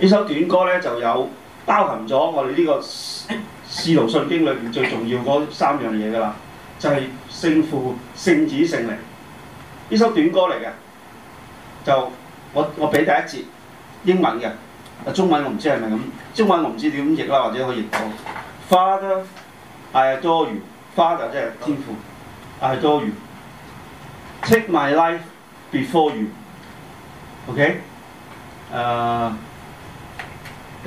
呢首短歌咧就有包含咗我哋呢個《使徒信經》裏邊最重要嗰三樣嘢㗎啦，就係、是、聖父、聖子、聖靈。呢首短歌嚟嘅，就我我俾第一節英文嘅，中文我唔知係咪咁，中文我唔知點譯啦，或者可以譯到。Father, I adore you，Father 就真係天父，I adore you。Take my life before you，OK，誒。Okay? Uh,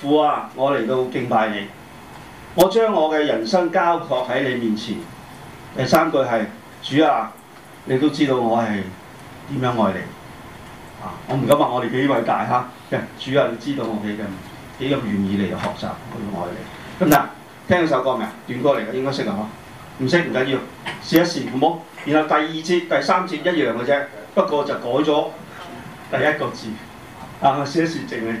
父啊，我嚟到敬拜你，我將我嘅人生交託喺你面前。第三句係主啊，你都知道我係點樣愛你啊！我唔敢話我哋幾位大嚇、啊、主啊，你知道我幾咁幾咁願意嚟學習去愛你。咁、啊、嗱，聽首歌未啊？短歌嚟嘅應該識啊，唔識唔緊要，試一試好冇。然後第二節、第三節一樣嘅啫，不過就改咗第一個字。啊，試一試正你。試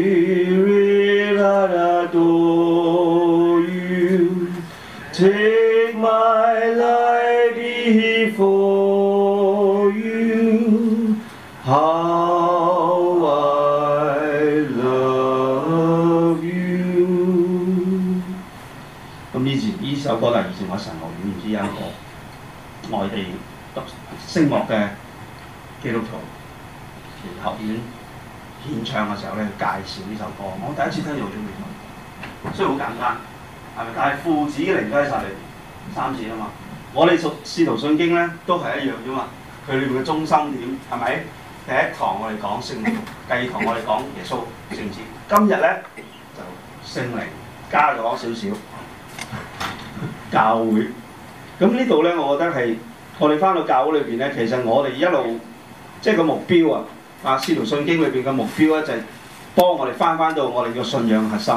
有一個外地讀聲樂嘅基督徒學院演，演唱嘅時候咧，介紹呢首歌。我第一次聽就好中意，雖然好簡單，係咪？但係父子嘅靈皆晒嚟，三次啊嘛。我哋讀《師徒信經呢》咧都係一樣啫嘛。佢裏邊嘅中心點係咪？第一堂我哋講聖父，第二堂我哋講耶穌聖子。今日咧就聖靈加咗少少教會。咁呢度咧，我覺得係我哋返到教會裏邊咧，其實我哋一路即係個目標啊！阿使徒信經裏邊嘅目標咧，就係幫我哋返返到我哋嘅信仰核心。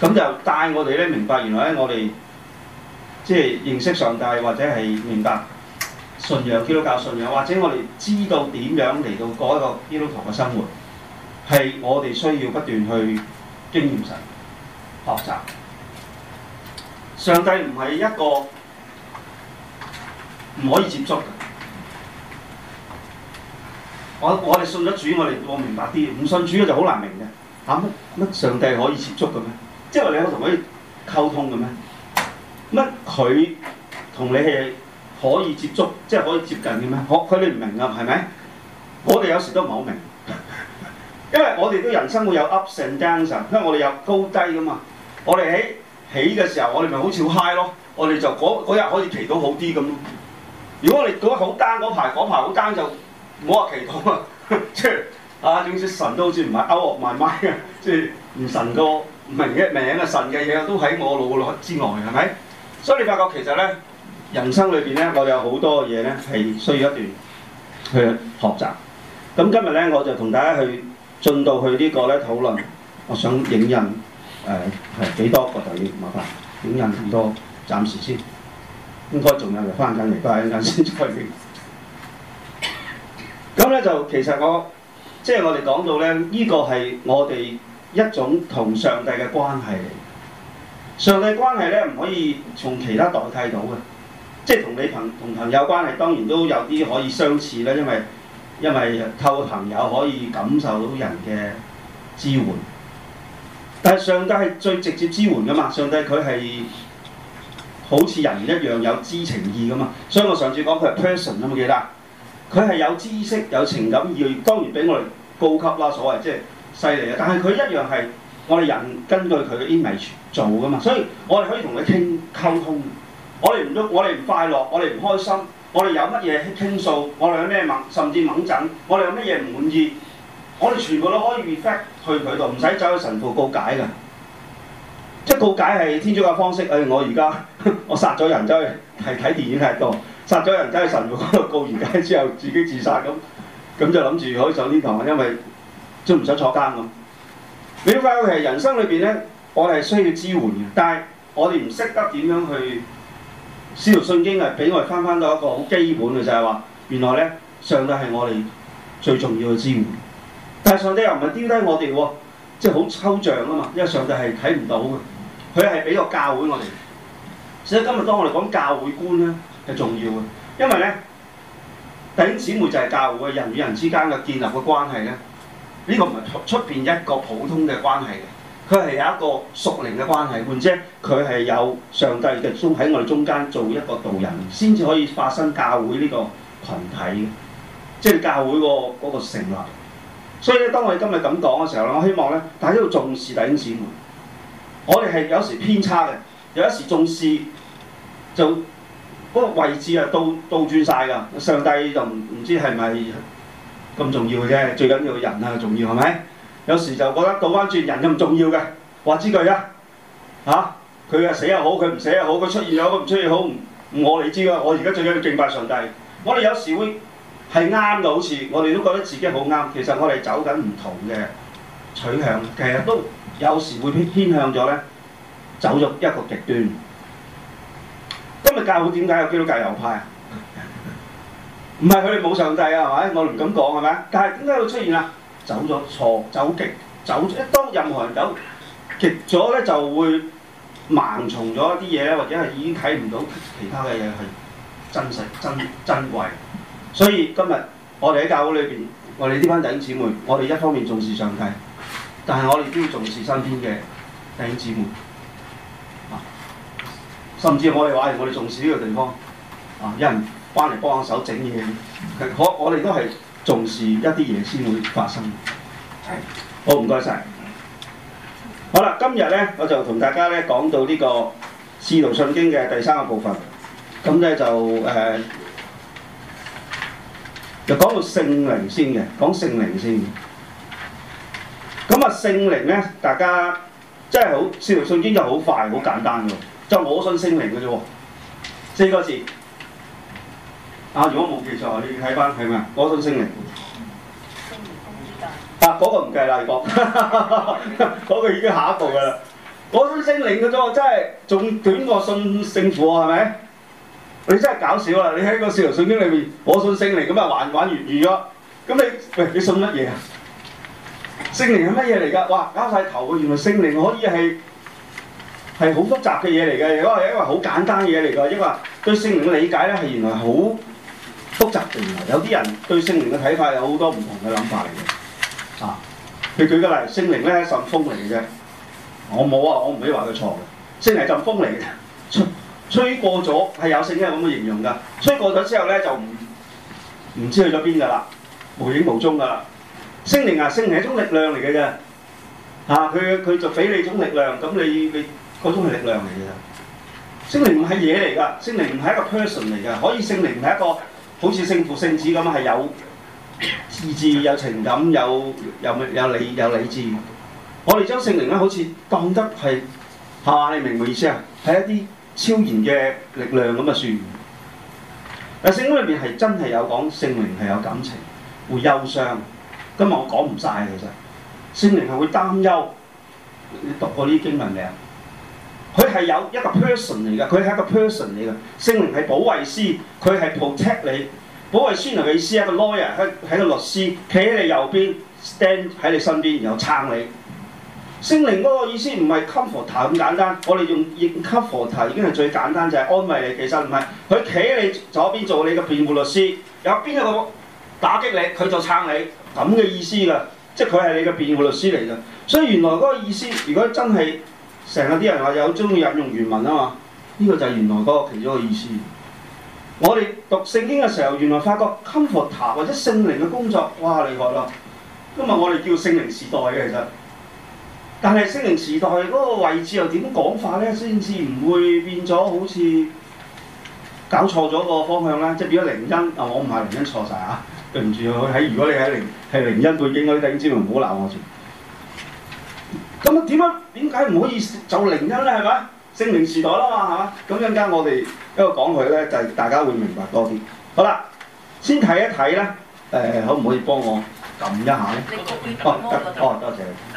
咁就帶我哋咧明白，原來咧我哋即係認識上帝，或者係明白信仰基督教信仰，或者我哋知道點樣嚟到嗰一個基督徒嘅生活，係我哋需要不斷去經驗神、學習。上帝唔係一個。唔可以接觸嘅。我我哋信咗主，我哋我明白啲。唔信主就好難明嘅。嚇乜乜上帝可以接觸嘅咩？即係話你可同佢溝通嘅咩？乜佢同你係可以接觸，即係可以接近嘅咩？佢哋唔明啊，係咪？我哋有時都唔係好明， 因為我哋都人生會有 ups and downs，因為我哋有高低噶嘛。我哋喺起嘅時候，我哋咪好似好 high 咯，我哋就嗰日可以祈禱好啲咁咯。如果你覺得好單嗰排，嗰排好單就冇話祈禱啊，即係啊，總之神都好似唔係勾鵝埋埋嘅，即係唔神個名嘅名啊，神嘅嘢都喺我腦內之外係咪？所以你發覺其實咧，人生裏邊咧，我哋有好多嘢咧係需要一段去學習。咁今日咧，我就同大家去進到去呢個咧討論。我想影印誒係幾多個字？麻煩影印咁多？暫時先。應該仲有嚟翻緊嚟，都係一陣先再見。咁 咧就其實我即係、就是、我哋講到咧，呢個係我哋一種同上帝嘅關係嚟。上帝關係咧唔可以從其他代替到嘅，即係同你朋同朋友關係當然都有啲可以相似啦，因為因為透過朋友可以感受到人嘅支援，但係上帝係最直接支援㗎嘛，上帝佢係，好似人一樣有知情意㗎嘛，所以我上次講佢係 person 有冇記得佢係有知識、有情感、意，當然比我哋高級啦，所謂即係犀利啊！但係佢一樣係我哋人根據佢嘅 image 做㗎嘛，所以我哋可以同佢傾溝通。我哋唔鬱，我哋唔快樂，我哋唔開心，我哋有乜嘢傾訴，我哋有咩忟，甚至忟憎，我哋有乜嘢唔滿意，我哋全部都可以 reflect 去佢度，唔使走去神父告解㗎。即告解係天主教方式，誒、哎、我而家我殺咗人走去係睇電影太多，殺咗人走去神父嗰度告完解之後自己自殺咁，咁就諗住可以上天堂，因為都唔想坐監咁。你瞭解係人生裏面咧，我係需要支援嘅，但係我哋唔識得點樣去。《使徒信經》係俾我哋翻翻到一個好基本嘅，就係話原來咧上帝係我哋最重要嘅支援，但上帝又唔係丟低我哋喎。即係好抽象啊嘛，因為上帝係睇唔到嘅，佢係俾個教會我哋，所以今日當我哋講教會觀咧係重要嘅，因為咧弟兄姊妹就係教會嘅人與人之間嘅建立嘅關係咧，呢、這個唔係出邊一個普通嘅關係嘅，佢係有一個屬靈嘅關係換之，佢係有上帝嘅中喺我哋中間做一個導人，先至可以發生教會呢個羣體，即係教會個嗰個成立。所以咧，當我哋今日咁講嘅時候，我希望大家要重視弟兄姊妹。我哋係有時偏差嘅，有一時重視就嗰、嗰個位置啊倒倒轉曬㗎。上帝就唔唔知係咪咁重要嘅啫，最緊要人啊重要係咪？有時就覺得倒翻轉人咁重要嘅，話之句啦，佢啊佢死又好，佢唔死又好，佢出現又好，唔出現好我嚟知㗎。我而家最緊要敬拜上帝。我哋有時會。係啱嘅，好似我哋都覺得自己好啱。其實我哋走緊唔同嘅取向，其實都有時會偏偏向咗咧，走咗一個極端。今日教會點解有基督教右派啊？唔係佢哋冇上帝啊？係咪？我哋唔敢講係咪？但係點解會出現啊？走咗錯，走極，走一當任何人走極咗咧，就會盲從咗一啲嘢，或者係已經睇唔到其，其他嘅嘢係真實、真珍貴。所以今日我哋喺教會裏邊，我哋呢班弟兄姊妹，我哋一方面重視上帝，但係我哋都要重視身邊嘅弟兄姊妹啊。甚至我哋話，我哋重視呢個地方啊，有人翻嚟幫手整嘢。我哋都係重視一啲嘢先會發生。係，好唔該晒。好啦，今日咧我就同大家咧講到呢、這個使徒信經嘅第三個部分。咁咧就誒。呃就講到聖靈先嘅，講聖靈先。咁啊，聖靈咧，大家真係好，使徒信經就好快，好簡單喎。就是、我信聖靈嘅啫喎，四個字。啊，如果冇記錯，你睇翻係咪啊？我信聖靈。嗯、啊，嗰、那個唔計啦，你講。嗰、那個已經下一步嘅啦。我信聖靈嘅啫喎，真係仲短過信聖父係咪？你真係搞笑啦！你喺個使徒信經裏面，我信聖靈咁啊，還玩完完咗。咁你喂，你信乜嘢啊？聖靈係乜嘢嚟噶？哇！搞晒頭喎！原來聖靈可以係係好複雜嘅嘢嚟嘅，亦都係因為好簡單嘅嘢嚟㗎。因為對聖靈嘅理解咧，係原來好複雜嘅。原來有啲人對聖靈嘅睇法有好多唔同嘅諗法嚟嘅。啊！你舉個例，聖靈咧係陣風嚟嘅。我冇啊！我唔可以話佢錯嘅。聖靈係陣風嚟嘅。吹過咗係有聖經咁嘅形容㗎，吹過咗之後咧就唔唔知去咗邊㗎啦，無影無蹤㗎啦。聖靈啊，聖靈係一種力量嚟嘅啫，吓、啊，佢佢就俾你種力量，咁你你嗰種係力量嚟嘅。聖靈唔係嘢嚟㗎，聖靈唔係一個 person 嚟㗎，可以聖靈唔係一個好似聖父聖子咁係有意志、有情感、有有有，有理有理智。我哋將聖靈咧好似當得係吓、啊，你明唔明意思啊？係一啲。超然嘅力量咁啊算了，但聖經裏面係真係有講聖靈係有感情，會憂傷。今日我講唔晒，其實聖靈係會擔憂。你讀過呢啲經文未？啊，佢係有一個 person 嚟㗎，佢係一個 person 嚟㗎。聖靈係保惠師，佢係 protect 你。保惠師係咪意思啊？個 lawyer，係個律師，企喺你右邊，stand 喺你身邊，然後撐你。聖靈嗰個意思唔係 comforter 咁簡單，我哋用應 comforter 已經係最簡單，就係、是、安慰你。其實唔係佢企喺你左邊做你嘅辯護律師，有邊一個打擊你，佢就撐你咁嘅意思噶。即係佢係你嘅辯護律師嚟噶。所以原來嗰個意思，如果真係成日啲人話有鍾意引用原文啊嘛，呢、這個就係原來嗰個其中嘅意思。我哋讀聖經嘅時候，原來發覺 comforter 或者聖靈嘅工作，哇厲害啦！今日我哋叫聖靈時代嘅其實。但係聖靈時代嗰個位置又點講法咧？先至唔會變咗好似搞錯咗個方向咧？即係變咗靈恩。啊，我唔係靈恩錯晒嚇，對唔住，喺如果你喺靈係靈恩背景嗰啲聽者唔好鬧我住。咁啊點啊解唔可以就靈恩咧係咪？聖靈時代啦嘛係嘛？咁一陣間我哋一個講佢咧，就係、是、大家會明白多啲。好啦，先睇一睇啦。誒、呃，可唔可以幫我撳一下咧？下哦，得，哦，多謝。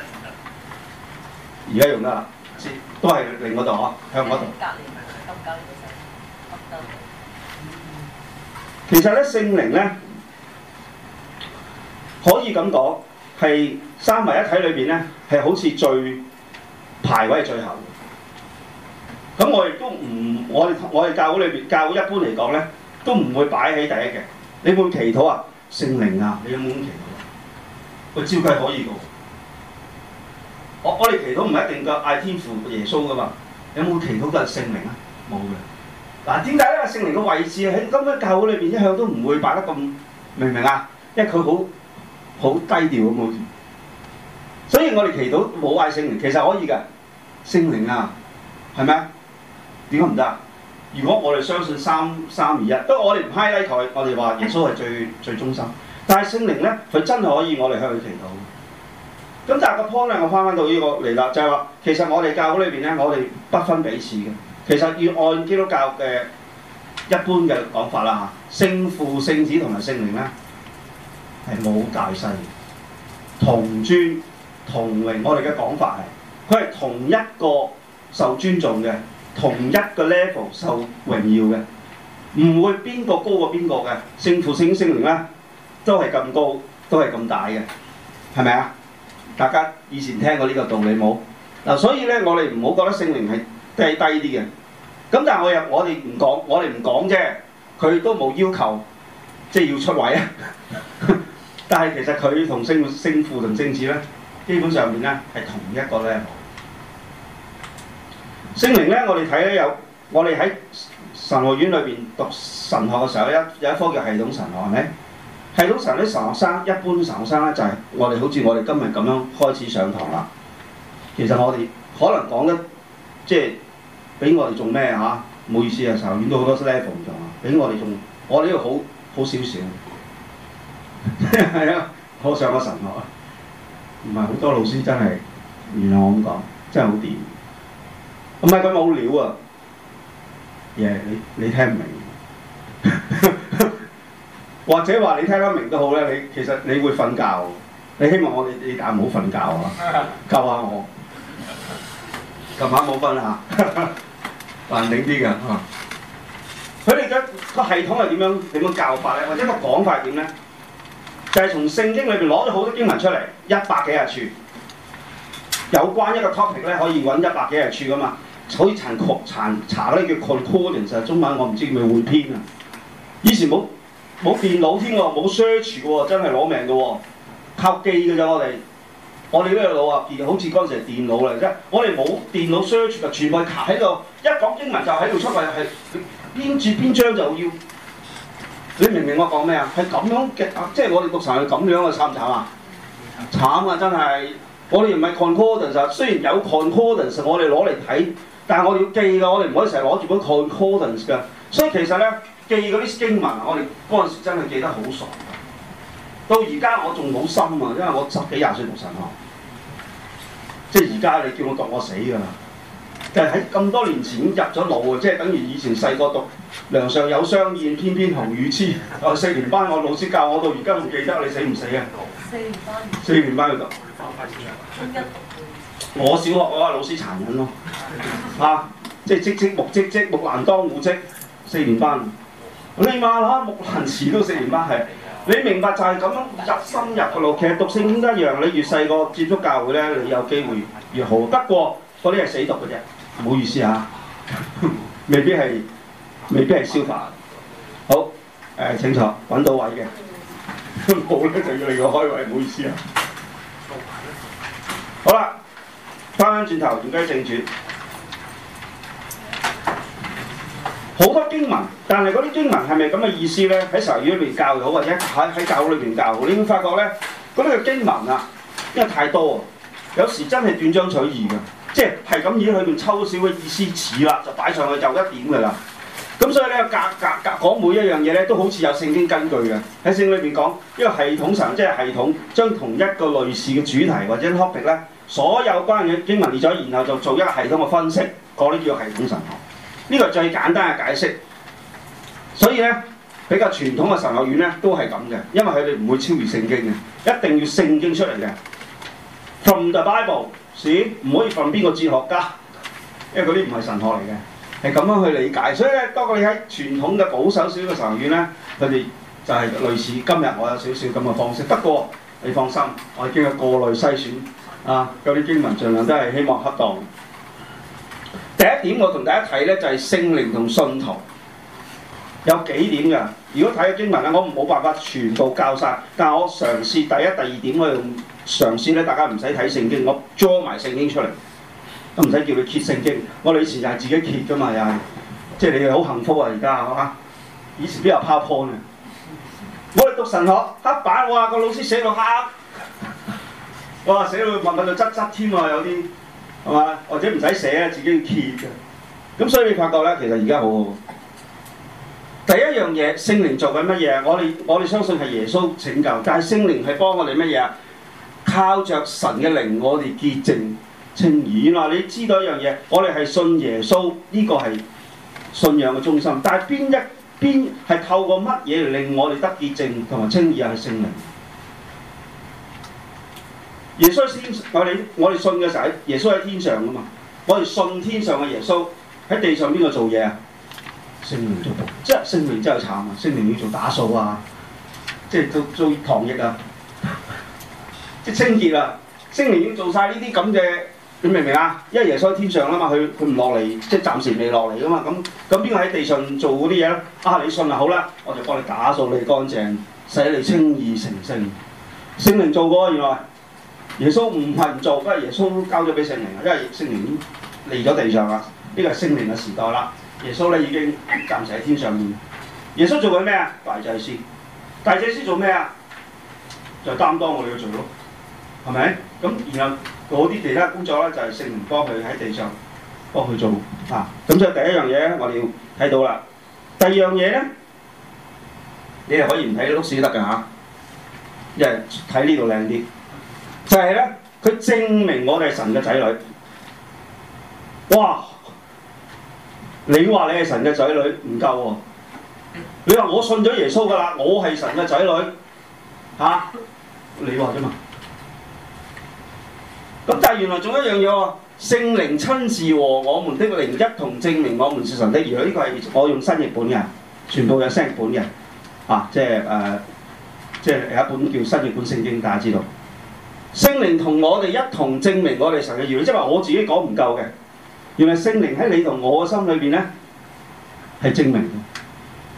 而家用得啦，都係另嗰度呵，向嗰度。其實咧，聖靈咧，可以咁講，係三位一體裏面咧，係好似最排位最後的。咁我亦都唔，我哋教會裏面，教會一般嚟講咧，都唔會擺喺第一嘅。你會祈禱啊，聖靈啊，你有冇咁祈禱，啊？我照計可以嘅。我我哋祈禱唔一定嘅嗌天父耶穌噶嘛？有冇祈禱嘅聖靈啊？冇嘅。嗱點解咧？聖靈嘅位置喺今日教會裏邊一向都唔會擺得咁明唔明啊？因為佢好好低調啊嘛、嗯。所以我哋祈禱冇嗌聖靈，其實可以嘅。聖靈啊，係咩？點解唔得？如果我哋相信三三二一，不過我哋唔 high 低佢，我哋話耶穌係最最中心。但係聖靈咧，佢真係可以我哋向佢祈禱。咁但係個 point 咧，我翻翻到依個嚟啦，就係話其實我哋教會裏面咧，我哋不分彼此嘅。其實要按基督教嘅一般嘅講法啦嚇，聖父、聖子同埋聖靈咧係冇大細嘅，同尊同榮。我哋嘅講法係佢係同一個受尊重嘅，同一個 level 受榮耀嘅，唔會邊個高過邊個嘅。聖父、聖子、聖靈咧都係咁高，都係咁大嘅，係咪啊？大家以前聽過呢個道理冇嗱、啊？所以呢，我哋唔好覺得聖靈係低低啲嘅。咁但係我又我哋唔講，我哋唔講啫。佢都冇要求，即係要出位、啊、 但係其實佢同聖父同聖子呢，基本上面咧係同一個 level。聖靈咧，我哋睇呢，有，我哋喺神學院裏面讀神學嘅時候，有一有一科叫系統神學，係咪？係通常啲神學生，一般神學生咧就係我哋好似我哋今日咁樣開始上堂啦。其實我哋可能講得，即係俾我哋做咩嚇？唔好意思啊，神學院都好多 level 㗎嘛，俾我哋仲、啊，我哋呢度好好少少。係 啊，好上過神學啊，唔係好多老師真係，原來我咁講真係好掂。唔係佢冇料啊，耶、yeah，你你聽唔明。 或者話你聽得明都好咧，你其實你會瞓覺，你希望我哋你，你但唔好瞓覺啊！救下我，今晚冇瞓嚇，淡定啲噶嚇。佢哋嘅個系統係點樣？點樣教法咧？或者個講法點呢？就係從聖經裏面攞咗好多經文出嚟，一百幾廿處有關一個 topic 可以揾一百幾廿處噶嘛。可以查確查查咧叫 correlation，就係中文我唔知叫咩換篇啊。以前冇。冇電腦添喎，冇 search 嘅喎，真係攞命嘅喎，靠記嘅咋我哋，我哋呢隻腦啊，變好似嗰陣時係電腦嚟啫，我哋冇電腦 search 啊，全部係卡喺度，一講英文就喺度出嚟，係邊注邊張就要，你明唔明我講咩啊？係咁樣嘅啊，即係我哋讀曬係咁樣啊，慘唔慘啊？慘啊！真係，我哋唔係 concordance，雖然有 concordance，我哋攞嚟睇，但係我哋要記㗎，我哋唔可以成日攞住本 concordance 㗎，所以其實呢。記嗰啲經文，我哋嗰陣時真係記得好熟，到而家我仲冇心啊！因為我十幾廿歲讀神學，即係而家你叫我讀我死㗎，就係喺咁多年前入咗腦啊！即係等於以前細個讀《梁上有雙燕，翩翩紅雨痴》。四年班，我老師教我到而家仲記得，你死唔死啊？四年班，四年班去讀。我小學啊，老師殘忍咯，嚇！即係積積木，積積木蘭當戶織。四年班。你話啦，木蘭辭都寫完啦，係你明白就係咁樣深入心入腦。其實讀聖經一樣，你越細個接觸教會呢，你有機會越好是。不過嗰啲係死讀嘅啫，唔好意思啊，未必係未必係消化。好誒，請坐揾到位嘅，冇 呢就要你個開位，唔好意思啊。好啦，翻返轉頭言歸正傳。好多經文，但係嗰啲經文係咪咁嘅意思呢？喺神話裏邊教好，或者喺喺教會裏邊教好，你會發覺呢，嗰啲嘅經文啊，因為太多，有時真係斷章取義嘅，即係係咁以裏邊抽少嘅意思字啦，就擺上去就一點嘅啦。咁所以呢，格格格講每一樣嘢呢，都好似有聖經根據嘅。喺聖經裏邊講，一個系統神即係系統，將同一個類似嘅主題或者 topic 呢，所有關於經文列咗，然後就做一個系統嘅分析，嗰啲叫系統神學。呢個最簡單嘅解釋，所以呢，比較傳統嘅神學院呢都係咁嘅，因為佢哋唔會超越聖經嘅，一定要聖經出嚟嘅，From the Bible 係，唔可以從邊個哲學家，因為嗰啲唔係神學嚟嘅，係咁樣去理解。所以呢，多過你喺傳統嘅保守少少嘅神學院呢，佢哋就係類似今日我有少少咁嘅方式。不過你放心，我經過過濾篩選啊，嗰啲經文儘量都係希望恰當。第一點我同大家睇咧就係、是、聖靈同信徒有幾點嘅。如果睇經文咧，我冇辦法全部教曬，但係我嘗試第一、第二點我嘅嘗試咧，大家唔使睇聖經，我裝埋聖經出嚟都唔使叫你揭聖經。我哋以前就係自己揭嘅嘛又係，即係你又好幸福啊而家嚇。以前邊有 PowerPoint 嘅？我哋讀神學黑板哇，個老師寫到黑、啊，哇寫到問到就質質添啊有啲。係嘛？或者唔使寫，自己要揭嘅。咁所以你發覺咧，其實而家好好。第一樣嘢聖靈做緊乜嘢？我哋我哋相信係耶穌拯救，但係聖靈係幫我哋乜嘢？靠着神嘅靈，我哋潔淨稱義。原來你知道一樣嘢，我哋係信耶穌，呢、這個係信仰嘅中心。但係邊一邊係透過乜嘢嚟令我哋得潔淨同埋稱義嘅聖靈？耶穌喺天，我哋我哋信嘅時候，耶穌喺天上噶嘛？我哋信天上嘅耶穌喺地上邊度做嘢啊？聖靈做，即係聖靈真係慘啊！聖靈要做打掃啊，即係做做防疫啊，即係清潔啊！聖靈要做曬呢啲咁嘅，你明唔明啊？因為耶穌喺天上啊嘛，佢佢唔落嚟，即係暫時未落嚟噶嘛。咁咁邊個喺地上做嗰啲嘢咧？啊，你信就、啊、好啦，我就幫你打掃你乾淨，使你清潔成聖。聖靈做過原來。耶穌唔係唔做耶穌交了給聖，因為耶穌交咗俾聖靈，因為聖靈離咗地上啦，呢、這個係聖靈嘅時代啦。耶穌咧已經暫時喺天上面。耶穌做緊咩啊？大祭司，大祭司做咩啊？就擔、是、當我哋嘅罪咯，係咪？咁然後嗰啲其他工作咧就係聖靈幫佢喺地上幫佢做啊。咁所以第一樣嘢咧我哋要睇到啦。第二樣嘢咧，你哋可以唔睇都係得㗎嚇，一係睇呢度靚啲。啊就係咧，佢證明我哋係神嘅仔女。哇！你話你係神嘅仔女唔夠喎，你話我信咗耶穌噶啦，我係神嘅仔女、啊、你話啫嘛？咁但係原來仲有一樣嘢喎，聖靈親自和我們的靈一同證明我們是神的兒女。呢個係我用新譯本嘅，全部有新譯本嘅啊，即係誒、呃，即有一本叫新譯本聖經，大家知道。聖靈同我哋一同證明我哋神嘅兒女，即係話我自己講唔夠嘅。原來聖靈喺你同我嘅心裏邊咧係證明嘅。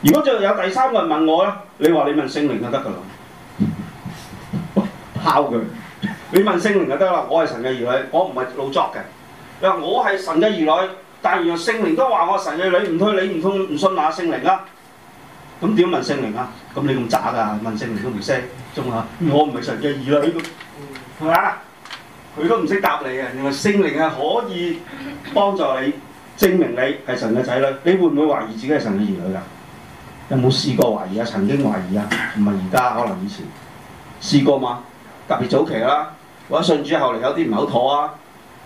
如果再有第三個人問我咧，你話你問聖靈就得噶啦，拋佢。 你問聖靈就得啦，我係神嘅兒女，我唔係老作嘅。你話我係神嘅兒女，但係原來聖靈都話我神嘅女，唔推你唔通唔信哪聖靈啊？咁點問聖靈啊？咁你咁渣噶？問聖靈都唔識，仲話我唔係神嘅兒女。係咪佢都唔識答你啊？原來聖靈係可以幫助你，證明你係神嘅仔女。你會唔會懷疑自己係神嘅兒女啊？有冇試過懷疑啊？曾經懷疑啊？唔係而家，可能以前試過嘛。特別早期啦，或者信主後嚟有啲唔係好妥啊。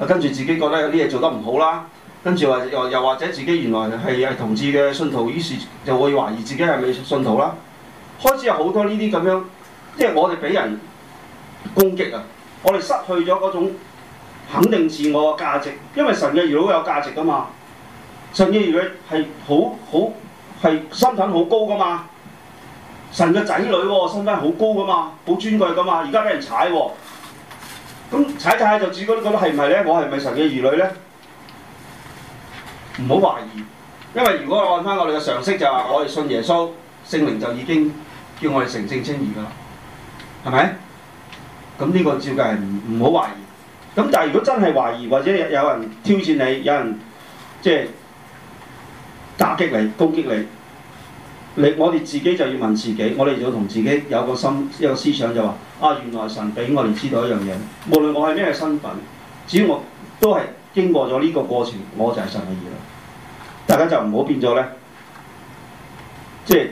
跟住自己覺得有啲嘢做得唔好啦，跟住話又又或者自己原來係係同志嘅信徒，於是就會懷疑自己係咪信徒啦。開始有好多呢啲咁樣，即係我哋俾人攻擊啊！我哋失去咗嗰種肯定自我嘅價值，因為神嘅兒女有價值噶嘛，神嘅兒女係好好係身份好高噶嘛，神嘅仔女，哦、身份好高噶嘛，好尊貴噶嘛，而家畀人踩，哦，咁、嗯、踩踩就主哥覺得係唔係咧？我係咪神嘅兒女呢？唔好懷疑，因為如果按返我哋嘅常識就話，我哋信耶穌聖靈就已經叫我哋成聖稱義噶啦，係咪？咁呢個照計係唔唔好懷疑。咁但係如果真係懷疑，或者有人挑戰你，有人即係打擊你，攻擊你，你我哋自己就要問自己，我哋要同自己有個心，有個思想就話：啊，原來神俾我哋知道一樣嘢，無論我係咩身份，只要我都係經過咗呢個過程，我就係神嘅兒女。大家就唔好變咗咧，即係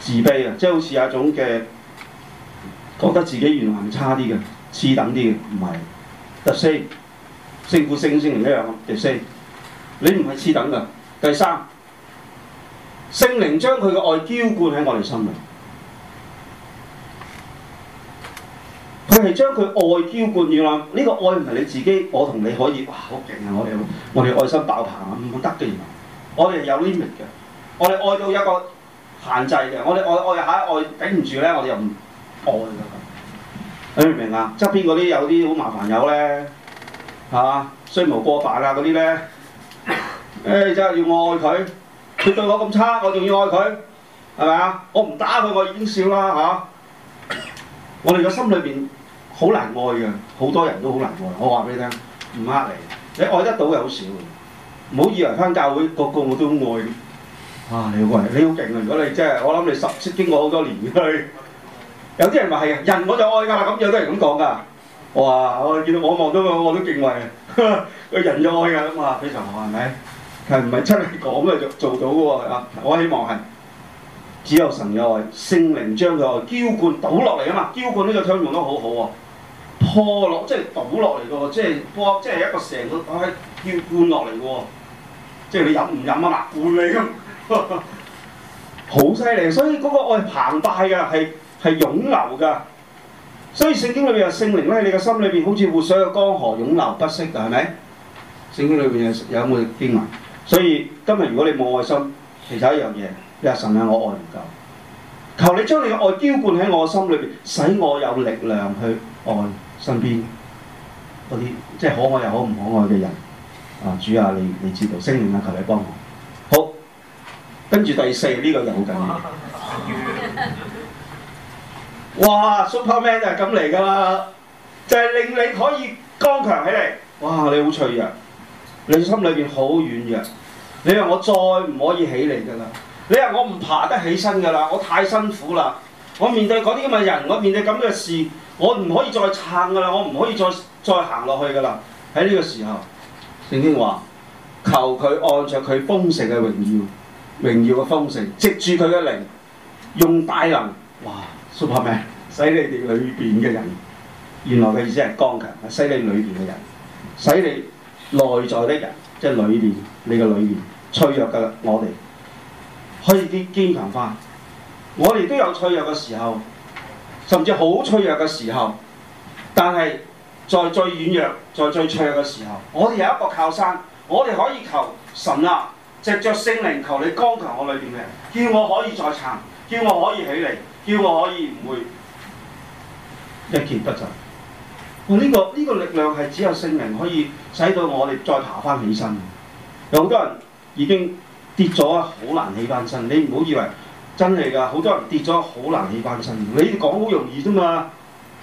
自卑啊！即好似有一種嘅。覺得自己原來係差啲嘅，次等啲嘅，唔係。第四，勝負聖聖靈一樣。第四，你唔係次等㗎。第三，聖靈將佢嘅愛澆灌喺我哋心裏。佢係將佢愛澆灌原來呢、這個愛唔係你自己，我同你可以哇好勁啊！我哋我哋愛心爆棚啊！唔得嘅原來，我哋係有 limit 嘅，我哋愛到一個限制嘅，我哋愛愛下愛頂唔住咧，我哋又唔～愛啦，你明唔明啊？側邊嗰啲有啲好麻煩友咧，嚇，鬚毛過百啊嗰啲呢，誒、哎、真係要愛佢，佢對我咁差，我仲要愛佢，係咪啊？我唔打佢，我已經笑啦嚇。我哋個心裏面好難愛嘅，好多人都好難愛。我話俾你聽，唔呃你，你愛得到嘅好少。唔好以為返教會個個我都愛。哇，你好威，你好勁啊！如果你真係，我諗你十，經過好多年嘅 有啲人話、就、係、是、人，我就愛㗎，咁樣都係咁講㗎。哇！我見到我望到我，我都敬畏。人就愛㗎，哇！非常好，係咪？係唔係真係講嘅就做到喎？我希望係只有神有愛，聖靈將愛澆灌倒落嚟啊嘛！澆灌呢個唱用得好好喎，潑落即係倒落嚟嘅，即係潑即係一個成個啊澆灌落嚟嘅，即係你飲唔飲啊？灌你咁，好犀利！所以嗰個愛澎湃嘅係。係湧流噶，所以聖經裏邊有聖靈咧，你嘅心裏邊好似活水有江河湧流不息噶，係咪？聖經裏邊有有冇經文？所以今日如果你冇愛心，其實一樣嘢，你話神啊，我愛唔夠，求你將你嘅愛澆灌喺我嘅心裏邊，使我有力量去愛身邊嗰啲即係可愛又好唔可愛嘅人啊！主啊，你你知道聖靈啊，求你幫我。好，跟住第四呢、這個又好緊要。 哇！Superman 就係咁嚟噶啦，就係令你可以剛強起嚟。哇！你好脆弱，你心裏邊好軟弱。你話我再唔可以起嚟噶啦，你話我唔爬得起身噶啦，我太辛苦啦。我面對嗰啲咁嘅人，我面對咁嘅事，我唔可以再撐噶啦，我唔可以再再行落去噶啦。喺呢個時候，聖經話求佢按着佢豐盛嘅榮耀，榮耀嘅豐盛，藉住佢嘅靈，用大能。哇做咩？使你哋裏邊嘅人，原來嘅意思係剛強，使你裏邊嘅人，使你內在嘅人，即係裏邊你個裏邊脆弱噶。我哋可以啲堅強返。我哋都有脆弱嘅時候，甚至好脆弱嘅時候。但係在最軟弱、在最脆弱嘅時候，我哋有一個靠山。我哋可以求神啊，藉着聖靈求你剛強我裏邊嘅人，叫我可以再撐，叫我可以起嚟。叫我可以唔會一蹶不振，我呢個呢個力量係只有聖靈可以使到我哋再爬翻起身。有好多人已經跌咗，好難起翻身。你唔好以為真係㗎，好多人跌咗好難起翻身。你講好容易啫嘛，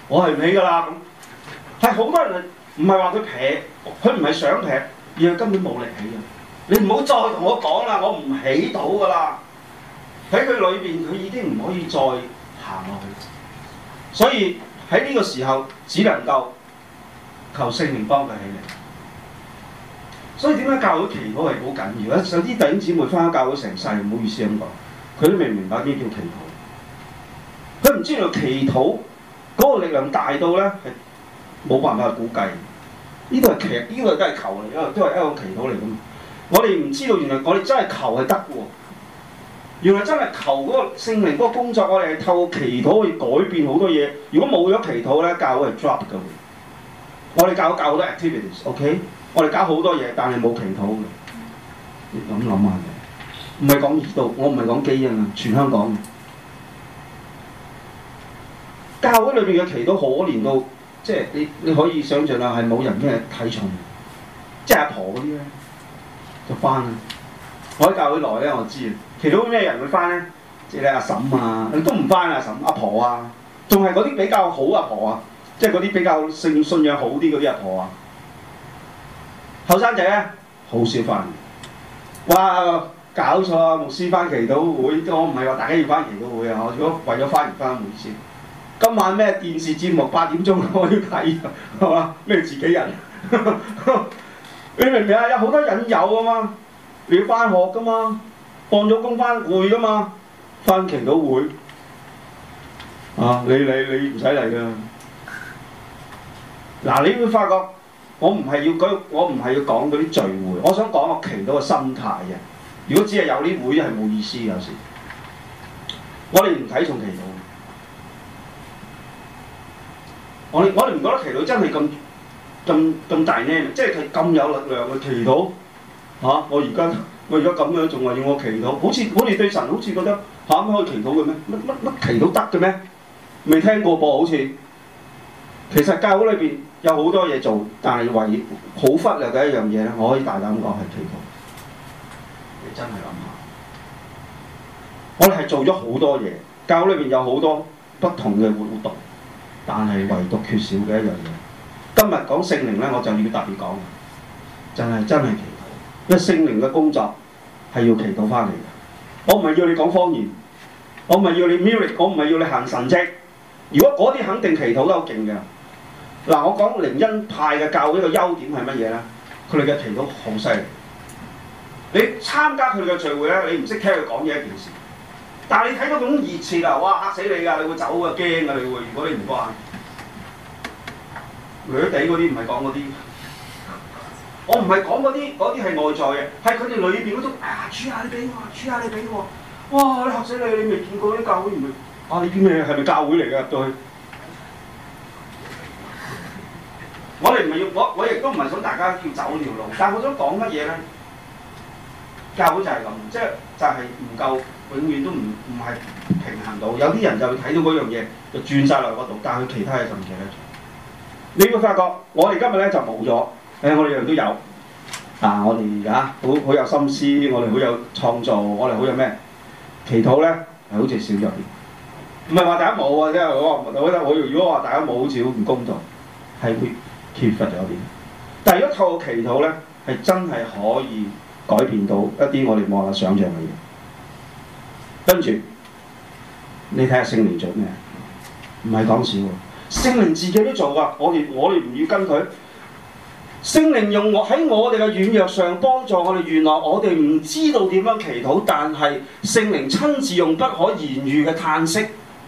我係唔起㗎啦。係好多人唔係話佢劈，佢唔係想劈，而係根本冇力起。你唔好再同我講啦，我唔起到㗎啦。喺佢裏面，佢已經唔可以再行落去，所以喺呢個時候只能夠求聖靈幫佢起嚟。所以點解教會祈禱係好緊要咧？有啲弟兄姊妹翻教會成世，唔好意思咁講，佢都未明白咩叫祈禱。佢唔知道祈禱嗰個力量大到咧係冇辦法估計。呢個係祈，呢個都係求嚟，因為都係一個祈禱嚟㗎嘛。我哋唔知道原來我哋真係求係得㗎喎。原來真係求嗰個聖靈嗰個工作，我哋係透過祈禱去改變好多嘢。如果冇咗祈禱咧，教會係 drop 㗎喎。我哋教會搞好多 activities，OK？、Okay？我哋搞好多嘢，但係冇祈禱嘅。你咁諗下，唔係講熱度，我唔係講基因啊，全香港嘅教會裏邊嘅祈禱可憐到，即、就、係、是、你你可以想像下係冇人咩體重，即係阿婆嗰啲咧就翻啦。我喺教會內呢，我知，其中咩人會翻呢？即係你阿嬸啊，都唔翻阿嬸阿婆啊，仲係嗰啲比較好阿婆啊，即係嗰啲比較信信仰好啲嗰啲阿婆啊。後生仔呢，好少翻。哇！搞錯啊牧師翻祈禱會，我唔係話大家要翻祈禱會啊！我如果為咗翻而翻都冇今晚咩電視節目八點鐘我要睇啊，係嘛？咩自己人？ 你明唔明啊？有好多引誘啊嘛！你要返學㗎嘛？放咗工返會㗎嘛？返祈禱會啊！你你你唔使嚟㗎。嗱、啊，你會發覺我唔係要舉，我唔係要講嗰啲聚會，我想講個祈禱嘅心態嘅。如果只係有啲會係冇意思嘅，有時我哋唔睇重祈禱。我哋我哋唔覺得祈禱真係咁咁大 name，即係佢咁有力量嘅祈禱。嚇、啊！我而家我而家咁樣仲話要我祈禱，好似我哋對神好似覺得嚇咩可以祈禱嘅咩？乜乜乜祈都得嘅咩？未聽過噃，好似。其實教會裏邊有好多嘢做，但係唯好忽略嘅一樣嘢咧，我可以大膽咁講係祈禱。你真係諗下，我哋係做咗好多嘢，教會裏邊有好多不同嘅活活動，但係唯獨缺少嘅一樣嘢。今日講聖靈咧，我就要特別講，真係真係祈禱。一聖靈嘅工作係要祈禱翻嚟嘅，我唔係要你講方言，我唔係要你 music，我唔係要你行神跡。如果嗰啲肯定祈禱都好勁嘅，嗱，我講靈恩派嘅教會嘅優點係乜嘢咧？佢哋嘅祈禱好犀利。你參加佢哋嘅聚會咧，你唔識聽佢講嘢一件事，但係你睇到咁熱切啊，哇嚇死你㗎，你會走㗎，驚㗎，你會。如果你唔關，女啲嗰啲唔係講嗰啲。我唔係講嗰啲，嗰啲係外在嘅，係佢哋裏面嗰種啊主下你俾我，主下你俾我，哇！你嚇死你，你未見過啲教會唔會？啊，你啲嘢係咪教會嚟嘅？對，我哋唔係要，我我亦都唔係想大家要走條路，但我想講乜嘢咧？教會就係咁，即係就係就係唔夠，永遠都唔唔係平衡到。有啲人就睇到嗰樣嘢就轉曬落嗰度，但係其他嘢就唔記得咗。你會發覺我哋今日咧就冇咗。誒、哎，我哋樣都有，但我哋而家好好有心思，我哋好有創造，我哋好有咩？祈禱咧，係好似少咗啲，唔係話大家冇啊，即係我覺得我如果話大家冇好似好唔公道，係會缺乏咗啲。但係如果透過祈禱咧，係真係可以改變到一啲我哋望下想像嘅嘢。跟住你睇下聖靈做咩？唔係講笑，喎，聖靈自己都做㗎，我哋我哋唔要跟佢。聖靈用我喺我哋嘅軟弱上幫助我哋，原來我哋唔知道點樣祈禱，但係聖靈親自用不可言喻嘅嘆息，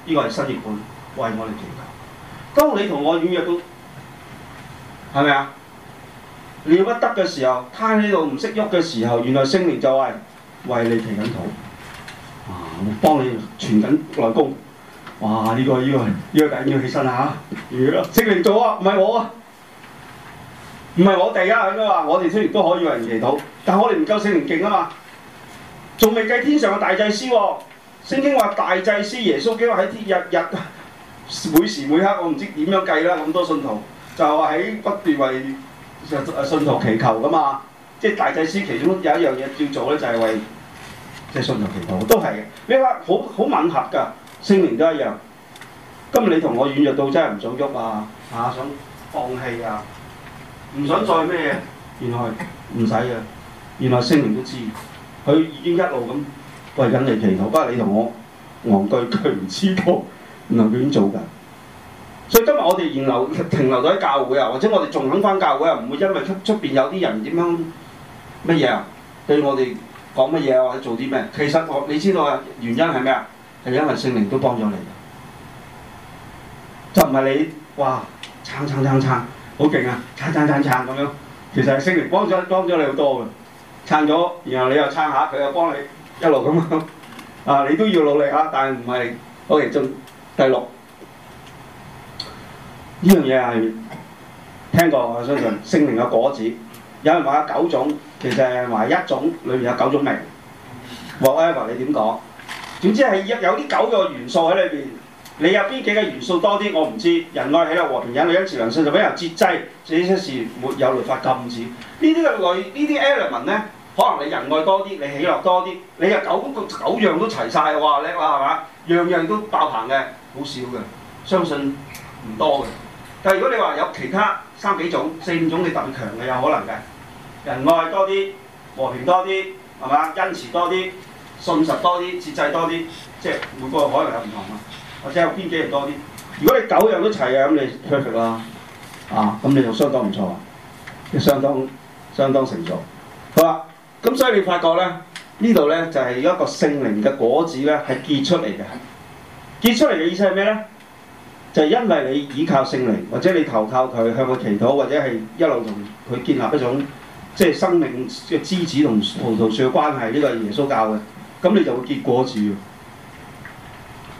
呢個係失約本為我哋祈禱。當你同我軟弱到係咪啊？了不得嘅時候，癱喺度唔識喐嘅時候，原來聖靈就係為你祈緊禱，禱我，這個這個這個這個，Listen, 啊，幫你存緊內功。哇！呢個呢個呢個要起身啦吓，耶！聖靈做啊，唔係我啊。唔係我哋啊，佢話我哋雖然都可以為人祈禱，但我哋唔夠聖靈勁啊嘛，仲未計天上嘅大祭司、啊。聖經話大祭司耶穌基督喺天日日每時每刻，我唔知點樣計啦咁、啊、多信徒，就係喺不斷為信徒祈求噶嘛。即係大祭司其中有一樣嘢要做咧，就係、是、為信徒祈禱，都係嘅，呢個好好吻合噶，聖靈都一樣。今日你同我軟弱到真係唔想喐啊，啊想放棄啊！唔想再咩嘢？原來唔使嘅，原來聖靈都知道，佢已經一路咁為緊你祈禱。不過你同我王隊佢唔知道，原來佢已經做㗎？所以今日我哋原流停留在喺教會啊，或者我哋仲肯返教會啊，唔會因為出面有啲人點樣乜嘢啊，對我哋講乜嘢或者做啲咩？其實你知道啊，原因係咩啊？係因為聖靈都幫咗你，你，就唔係你哇撐撐撐撐。叉叉叉叉叉。好勁啊！撐撐撐撐咁樣，其實聖靈幫咗幫咗你好多嘅，撐咗，然後你又撐下，佢又幫你，一路咁啊！你都要努力啊！但係唔係？OK，仲第六呢樣嘢係聽過，我相信聖靈嘅果子，有人話有九種，其實係話一種裏面有九種味，whatever 你點講，總之係有有啲九個元素喺裏面。你有邊幾個元素多啲？我唔知。仁愛、喜樂、和平、忍耐、恩慈、良善，就比較節制。這些事沒有律法禁止。呢啲嘅類，呢啲 element 呢，可能你仁愛多啲，你喜樂多啲，你又九個九個九個樣都齊曬，哇叻啦係嘛？樣樣都爆棚嘅，好少嘅，相信唔多嘅。但係如果你話有其他三幾種、四五種你特別強嘅，有可能嘅，仁愛多啲、和平多啲係嘛？恩慈多啲、信實多啲、節制多啲，即係每個可能有唔同啊。或者有織又多啲，如果你九樣都齊啊，咁你 perfect 啦，啊，咁你就相當唔錯，你相當相當成熟，好啊，咁所以你發覺咧，呢度咧就係一個聖靈嘅果子咧，係結出嚟嘅，結出嚟嘅意思係咩咧？就係因為你依靠聖靈，或者你投靠佢，向佢祈禱，或者係一路同佢建立一種即係生命嘅枝子同葡萄樹嘅關係，呢個係耶穌教嘅，咁你就會結果子。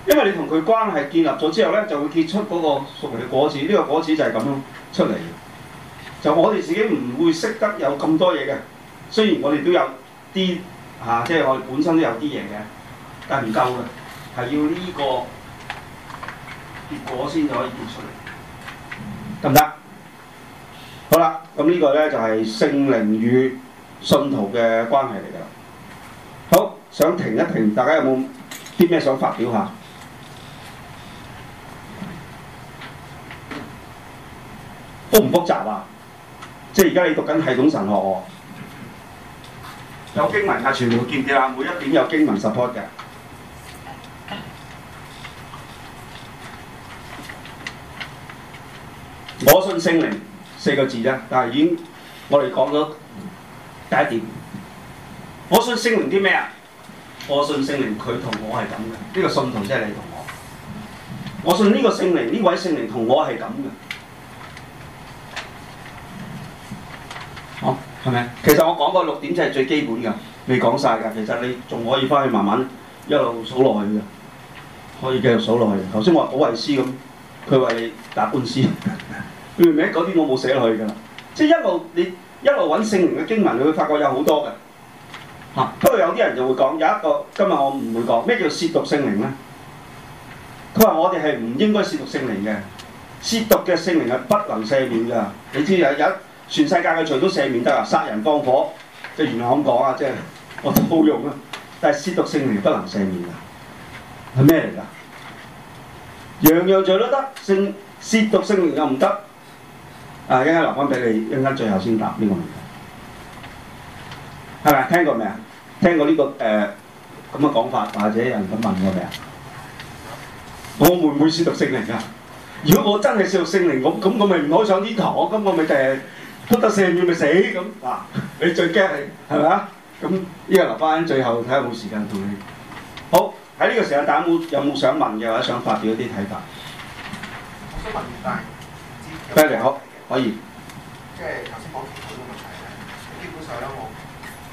因為你同佢關係建立咗之後咧，就會結出嗰個屬於嘅果子。呢個果子就係咁樣出嚟。就我哋自己唔會識得有咁多嘢嘅。雖然我哋都有啲嚇，即、啊、係、即係、我哋本身都有啲嘢嘅，但係唔夠嘅，係要呢個結果先至可以結出嚟，得唔得？好啦，咁呢個咧就係聖靈與信徒嘅關係嚟㗎。好，想停一停，大家有冇啲咩想發表下？複唔複雜啊？即係而家你讀緊系統神學喎，有經文啊，全部見啲啦，每一點有經文 support 嘅。我信聖靈四個字啫，但係已經我哋講咗第一點。我信聖靈啲咩啊？我信聖靈佢同我係咁嘅，呢個信徒即係你同我。我信呢個聖靈，呢位聖靈同我係咁嘅。係咪？其實我講嗰六點即係最基本嘅，未講曬㗎。其實你仲可以翻去慢慢一路數落去嘅，可以繼續數落去嘅。頭先我話保惠師咁，佢話你打官司，佢 名嗰啲我冇寫落去㗎。即一路你一路揾聖靈嘅經文，你會發覺有好多嘅。不過、啊、有啲人就會講有一個，今日我唔會講咩叫褻瀆聖靈呢？佢話我哋係唔應該褻瀆聖靈嘅，褻瀆嘅聖靈係不能赦免㗎。你知有有。有全世界嘅除咗赦免得啊，殺人放火，即、就、係、是、原來咁講啊，即、就、係、是、我冇用啊，但係褻瀆聖靈不能赦免啊，係咩嚟㗎？樣樣罪都得，聖、褻瀆聖靈又唔得。啊，一陣間留翻俾你，一陣間最後先答呢、這個問題，係咪？聽過未啊？聽過呢、這個誒咁嘅講法，或者有人咁問過未啊？我會唔會褻瀆聖靈㗎？如果我真係褻瀆聖靈，咁咁我咪唔可以上天堂？我咁我咪第日。出得四米咪死咁嗱，你最驚係係咪啊？咁依家留翻最後睇下冇時間同你。好，喺呢個時間，大家有冇有冇想問嘅，或者想發表一啲睇法？我想問，但係 b i l 好可以。即係頭先講教會嘅問題基本上咧，我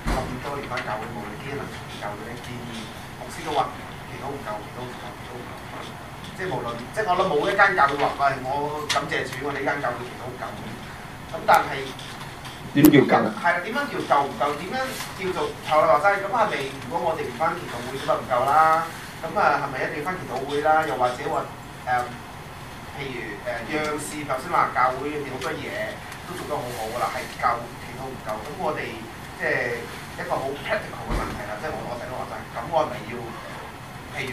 咁多年間教會無論幾多人舊嘅建議，牧師都話其實都舊，都都都即係無論即係我諗冇一間教會話，喂，我感謝主，我呢間教會其實好舊。咁但係點叫夠？係啦，點樣叫夠唔夠？點樣叫做頭嚟話齋？咁啊，係咪如果我哋唔翻祈禱會，點解唔夠啦。咁啊，係咪一定要翻祈禱會啦？又或者話誒、呃，譬如誒，楊氏頭先話教會嘅好多嘢都做得好好噶啦，係夠祈禱唔夠。咁我哋即係一個好 practical 嘅問題啦，即係我我成個話齋，咁我係咪要譬如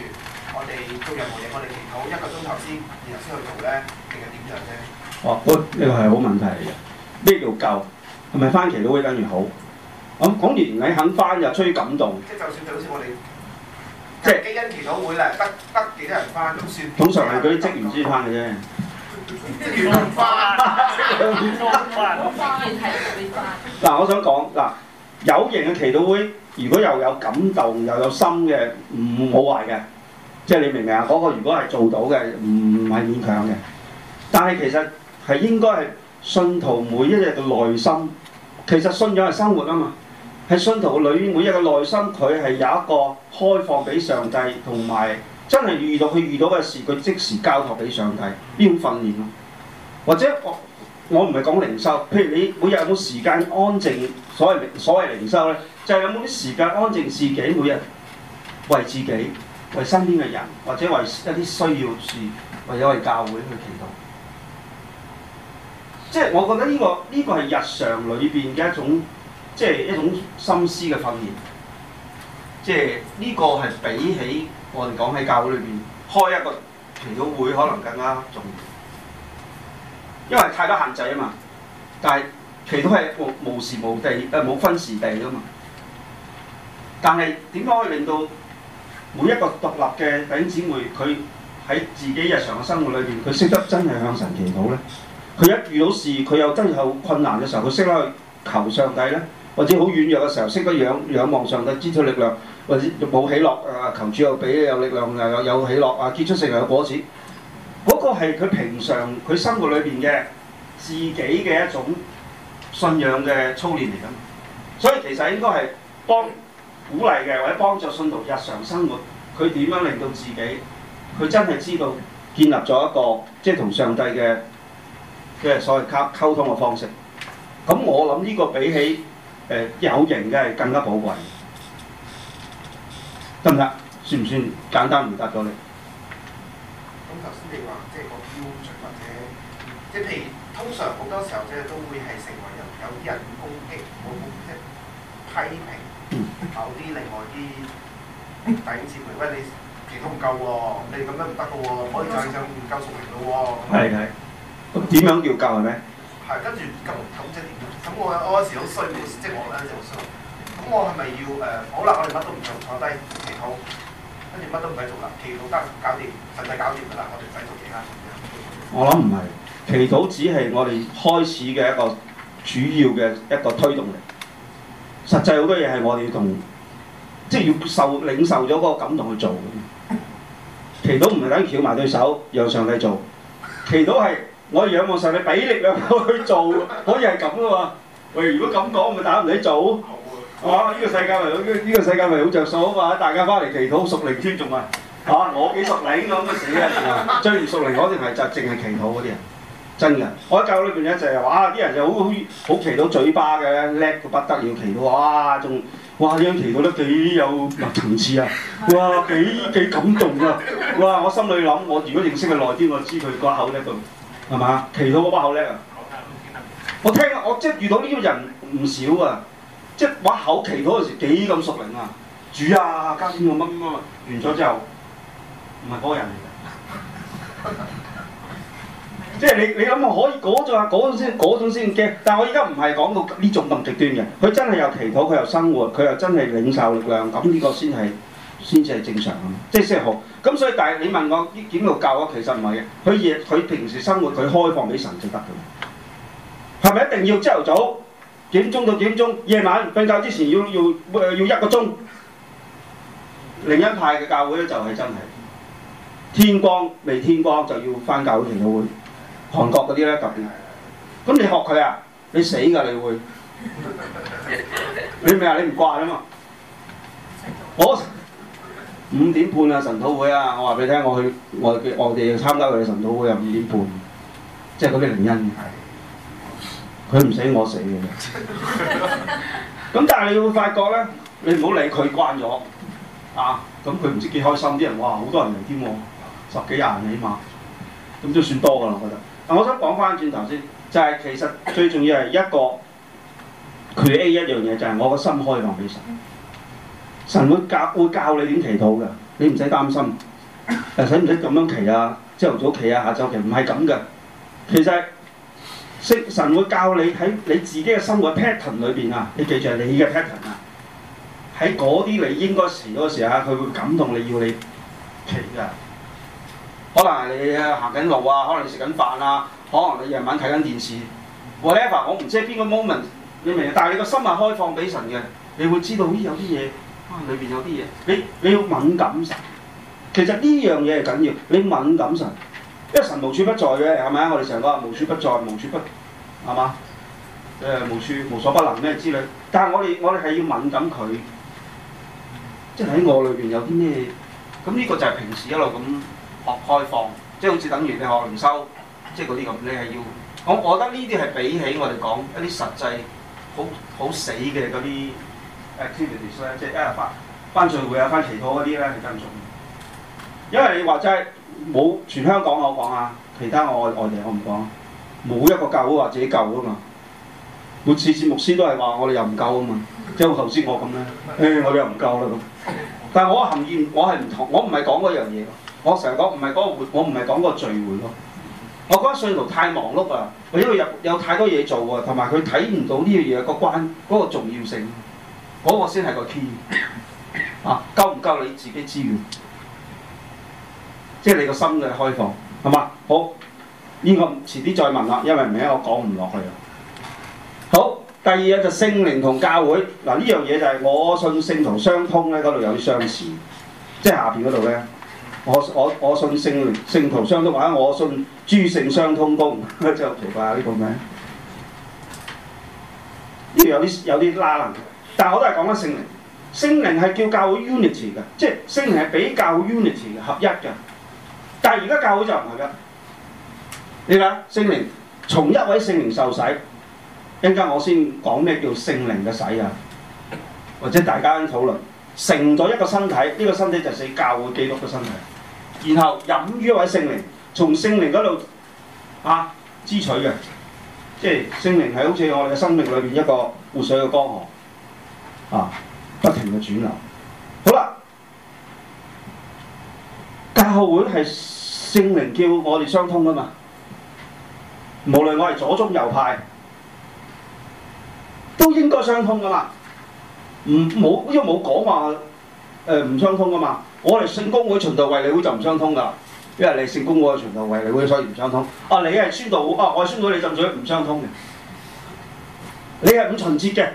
我哋做任何嘢，我哋祈禱一個鐘頭先，然後先去做咧，定係點樣啫？哦，嗰、這、呢個係好問題嚟嘅。呢條夠係咪返祈禱會等於好。咁講完你肯返就出於感動。即係就算你好似我哋，即係基恩祈禱會咧，得得幾多人返咁算？通常係嗰啲職員先返嘅啫。嗱，我想講嗱，有型嘅祈禱會，如果又有感動又有心嘅，唔、嗯、好壞嘅。即係你明唔明啊？嗰、那個如果係做到嘅，唔、嗯、係勉強嘅。但係其實係應該係。信徒每一日嘅內心，其實信仰係生活啊嘛。喺信徒嘅裏面，每一日嘅內心佢係有一個開放俾上帝，同埋真係遇到佢遇到嘅事，佢即時交託俾上帝。邊種訓練啊？或者我我唔係講靈修，譬如你每日有冇時間安靜？所謂靈所謂靈修咧，就係有冇啲時間安靜自己，每日為自己、為身邊嘅人，或者為一啲需要事，或者為教會去祈禱。即係我覺得呢、這個呢、這個係日常裏邊嘅一種，即係一種心思嘅訓練。即係呢個係比起我哋講喺教會裏邊開一個祈禱會，可能更加重要，因為太多限制啊嘛。但係祈禱係無無時無地，誒冇分時地啊嘛。但係點解可以令到每一個獨立嘅弟兄姊妹，佢喺自己日常嘅生活裏邊，佢識得真係向神祈禱咧？佢一遇到事，佢有真有困難嘅時候，佢識得去求上帝咧，或者好軟弱嘅時候，識得仰仰望上帝，支取力量，或者冇喜樂啊，求主又俾有力量，又有有喜樂啊，結出成樣果子。嗰、那個係佢平常佢生活裏邊嘅自己嘅一種信仰嘅操練嚟㗎。所以其實應該係幫鼓勵嘅，或者幫助信徒日常生活，佢點樣令到自己，佢真係知道建立咗一個即係同上帝嘅。即係所謂溝溝通嘅方式，咁我諗呢個比起誒有型嘅係更加寶貴，得唔得？算唔算簡單回答咗你？咁頭先你話即係個標準或者，即係譬如通常好多時候即係都會係成為有有啲人攻擊、攻擊、批評某啲另外啲底子，唔屈你技工唔夠喎，你咁樣唔得嘅喎，可以再上唔夠水平嘅喎。係係。點樣叫教？係咩？係跟住咁咁，即係點，咁我我嗰時好衰，即係我嗰時好衰。咁我係咪要誒、呃？好啦，我哋乜都唔做，坐低祈禱，跟住乜都唔使做啦。祈禱間搞掂，實際搞掂㗎啦，我哋唔使做其他。我諗唔係祈禱，只係我哋開始嘅一個主要嘅一個推動力。實際好多嘢係我哋同，即係要受領受咗個感動去做。祈禱唔係等翹埋對手，讓上帝做。祈禱係。我仰望上帝俾力量我 去做，可以係咁啊嘛！喂，如果咁講，咪打唔你做？係嘛？ 呢、這個世界咪好呢世界咪好著數啊嘛！大家返嚟祈禱、熟靈尊重啊！我幾熟靈咁啊死啊！追唔 熟靈，肯定係就淨係祈禱嗰啲人，真嘅。我的教裏邊咧就係、是、哇，啲人就好好祈到嘴巴嘅，叻到不得了，祈到哇仲哇，呢樣祈到都幾有層次啊！哇，幾幾感動啊！哇，我心裏諗，我如果認識佢耐啲，我知佢個口叻到。係嘛？祈禱個把口叻啊！我聽、啊，我即係遇到呢啲人唔少啊！即係把口祈禱嗰陣時幾咁熟靈啊！主啊，加添我乜乜，完咗之後唔係嗰個人嚟嘅。 即係你你諗啊，可以嗰種啊，嗰種先嗰種先驚。但我依家唔係講到呢種咁極端嘅，佢真係又祈禱，佢又生活，佢又真係領受力量，咁呢個先係。先至係正常啊，即係先好。咁所以，但係你問我點度教啊？其實唔係嘅，佢夜，佢平時生活，佢開放俾神就得嘅。係咪一定要朝頭早幾點鐘到幾點鐘？夜晚瞓覺之前要要誒要一個鐘。另一派嘅教會咧就係真係天光未天光就要翻教會嘅會。韓國嗰啲咧特別。咁你學佢啊？你死㗎你會。你咪啊？你唔慣啊嘛。我。五點半啊，晨禱會啊，我話俾你聽，我去我去我哋參加佢嘅晨禱會啊，五點半，即係嗰啲靈恩佢唔死我死嘅，咁 但係你會發覺咧，你唔好理佢慣咗啊，咁佢唔知幾開心，啲人哇，好多人嚟添、啊，十幾廿人起碼，咁都算多噶啦，我覺得。嗱，我想講翻轉頭先，就係、是、其實最重要係一個，佢 A 一樣嘢就係、是、我個心開放俾神。神會教會教你點祈禱嘅，你唔使擔心。誒，使唔使咁樣祈啊？朝早祈啊，下晝祈唔係咁嘅。其實係，識神會教你喺你自己嘅生活 pattern 裏邊啊，你記住係你嘅 pattern 啊。喺嗰啲你應該祈嗰時啊，佢會感動你要你祈嘅。可能你行緊路啊，可能你食緊飯啊，可能你夜晚睇緊電視，whatever，我唔知邊個 moment，你明白？但係你個心係開放俾神嘅，你會知道咦有啲嘢。啊！裏邊有啲嘢，你你要敏感神，其實呢樣嘢係緊要，你要敏感神，因為神無處不在嘅，係咪啊？我哋成日講無處不在、無處不，係嘛？誒、呃、無處無所不能咩之類，但係我哋我哋係要敏感佢，即係喺我裏邊有啲咩？咁呢個就係平時一路咁學開放，即係好似等於你學唔收，即係嗰啲咁，你係要我覺得呢啲係比起我哋講一啲實際好好死嘅嗰啲。activities 咧，Activ ities，即係一日八班聚會啊，班其他嗰啲咧，更加重要。因為你話真係冇，全香港我講啊，其他我外外地我唔講，冇一個教會話自己夠噶嘛。每次節目先都係話我哋又唔夠啊嘛，即係頭先我咁咧、哎，我哋又唔夠啦咁。但係我含義我係唔同，我唔係講嗰樣嘢。我成日講唔係講個會，我唔係講個聚會咯。我覺得信徒太忙碌啦，佢因為有有太多嘢做啊，同埋佢睇唔到呢樣嘢個關嗰、嗰個重要性。.嗰個先係個 key 啊，夠唔夠你自己資源？即係你個心嘅開放，係嘛？好，呢個遲啲再問啦，因為名我講唔落去啦。好，第二嘢就聖靈同教會嗱，呢樣嘢就係我信聖徒相通呢，嗰度有啲相似，即係下邊嗰度呢。我我我信聖聖徒相通，或者我信諸聖相通公， 真係好奇怪呢個名，呢度有啲有啲拉。但我都係講緊聖靈，聖靈係叫教會 unity 嘅，即聖靈係俾教會 unity 嘅合一嘅。但係而家教會就唔係啦。你睇聖靈從一位聖靈受洗，一陣我先講咩叫聖靈嘅洗啊，或者大家討論成咗一個身體，呢、這個身體就係教會基督嘅身體，然後飲於一位聖靈，從聖靈嗰度啊支取嘅，即係聖靈係好似我哋嘅生命裏面一個活水嘅江河。啊！不停嘅轉流，好啦，教會係聖靈叫我哋相通㗎嘛。無論我係左中右派，都應該相通噶嘛。唔冇，因為冇講話誒唔相通㗎嘛。我哋聖公會循道衛理會就唔相通噶，因為你聖公會循道衛理會所以唔相通。啊，你係宣道啊，我宣道你浸水唔相通嘅，你係五旬節嘅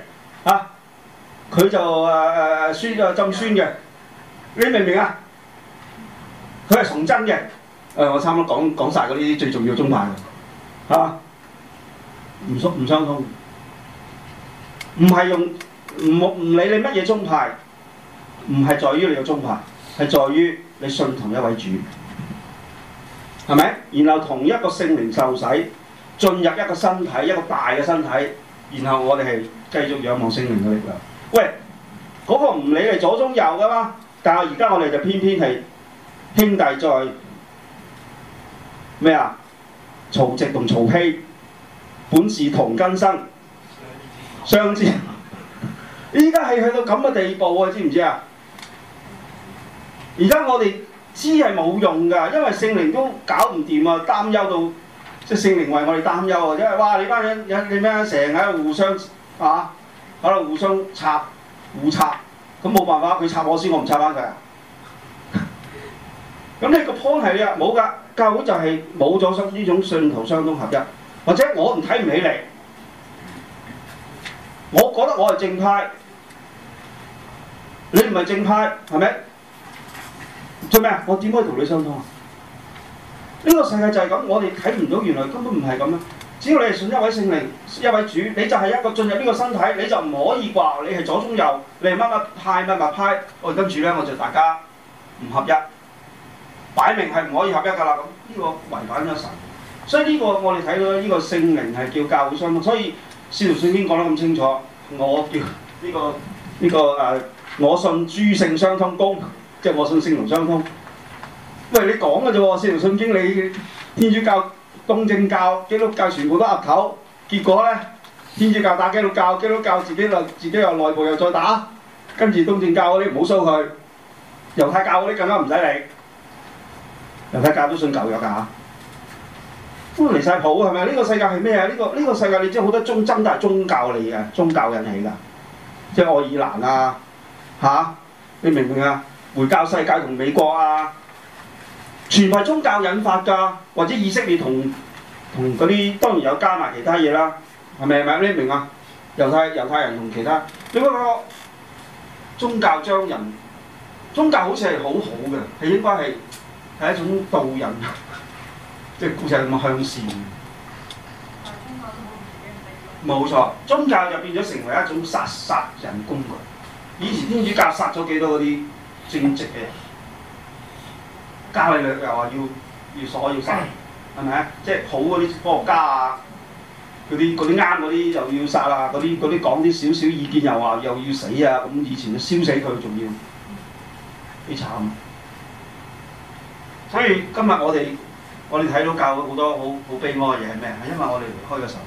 嚇。啊佢就誒、呃、酸又浸酸嘅，你明唔明啊？佢係從真嘅。誒、呃，我差唔多講講曬嗰啲最重要宗派啦，唔相唔相通，唔係用唔唔理你乜嘢宗派，唔係在於你嘅宗派，係在於你信同一位主，係咪？然後同一個聖靈，受洗進入一個身體，一個大嘅身體，然後我哋係繼續仰望聖靈嘅力量。喂，嗰、那個唔理係左中右㗎嘛？但係而家我哋就偏偏係兄弟在咩啊？曹植同曹丕本是同根生，相知。依家係去到咁嘅地步啊！知唔知啊？而家我哋知係冇用㗎，因為聖靈都搞唔掂啊！擔憂到即係、就是、聖靈為我哋擔憂們們們們們啊！即係哇！你班人有啲咩成日互相啊？好啦，互相拆，互拆，咁冇辦法，佢拆我先，我唔拆翻佢啊！咁你個 point 係咩啊？冇㗎，教會就係冇咗信呢種信徒相通合一，或者我唔睇唔起你，我覺得我係正派，你唔係正派，係咪？做咩啊？我點可以同你相通啊？呢、這個世界就係咁，我哋睇唔到，原來根本唔係咁啊！只要你係信一位聖靈、一位主，你就係一個進入呢個身體，你就唔可以話你係左中右，你係乜乜派乜乜派。我跟住咧，我就大家唔合一，擺明係唔可以合一噶啦。咁、這、呢個違反咗神，所以呢個我哋睇到呢、這個聖靈係叫教會相通。所以使徒信經講得咁清楚，我叫呢、這個呢、這個誒、啊，我信諸聖相通公，即係我信聖徒相通。餵你講嘅啫喎，使徒信經你天主教，東正教、基督教全部都阿頭，結果呢，天主教打基督教，基督教自己又自己又內部又再打，跟住東正教嗰啲唔好收佢，猶太教嗰啲更加唔使理，猶太教都信舊約噶，都離晒譜，係咪？呢、啊這個世界係咩啊？呢、這個呢、這個世界你知好多爭爭都係宗教嚟嘅，宗教引起噶，即係愛爾蘭啊，吓、啊、你明唔明啊？回教世界同美國啊？全係宗教引發㗎，或者以色列同同嗰啲當然有加埋其他嘢啦，係咪？係咪？你明啊？猶太猶太人同其他，你嗰個宗教將人，宗教好似係好好嘅，係應該係係一種導引，即係故事咁向善。冇錯，宗教就變咗成為一種殺殺人工具。以前天主教殺咗幾多嗰啲正直嘅加利略又話要要鎖要殺，係咪啊？即係好嗰啲科學家啊，嗰啲啲啱嗰啲又要殺啊，嗰啲啲講啲少少意見又話又要死啊！咁以前燒死佢仲要，幾慘。所以今日我哋我哋睇到教好多好好悲哀嘅嘢係咩？係因為我哋離開個神。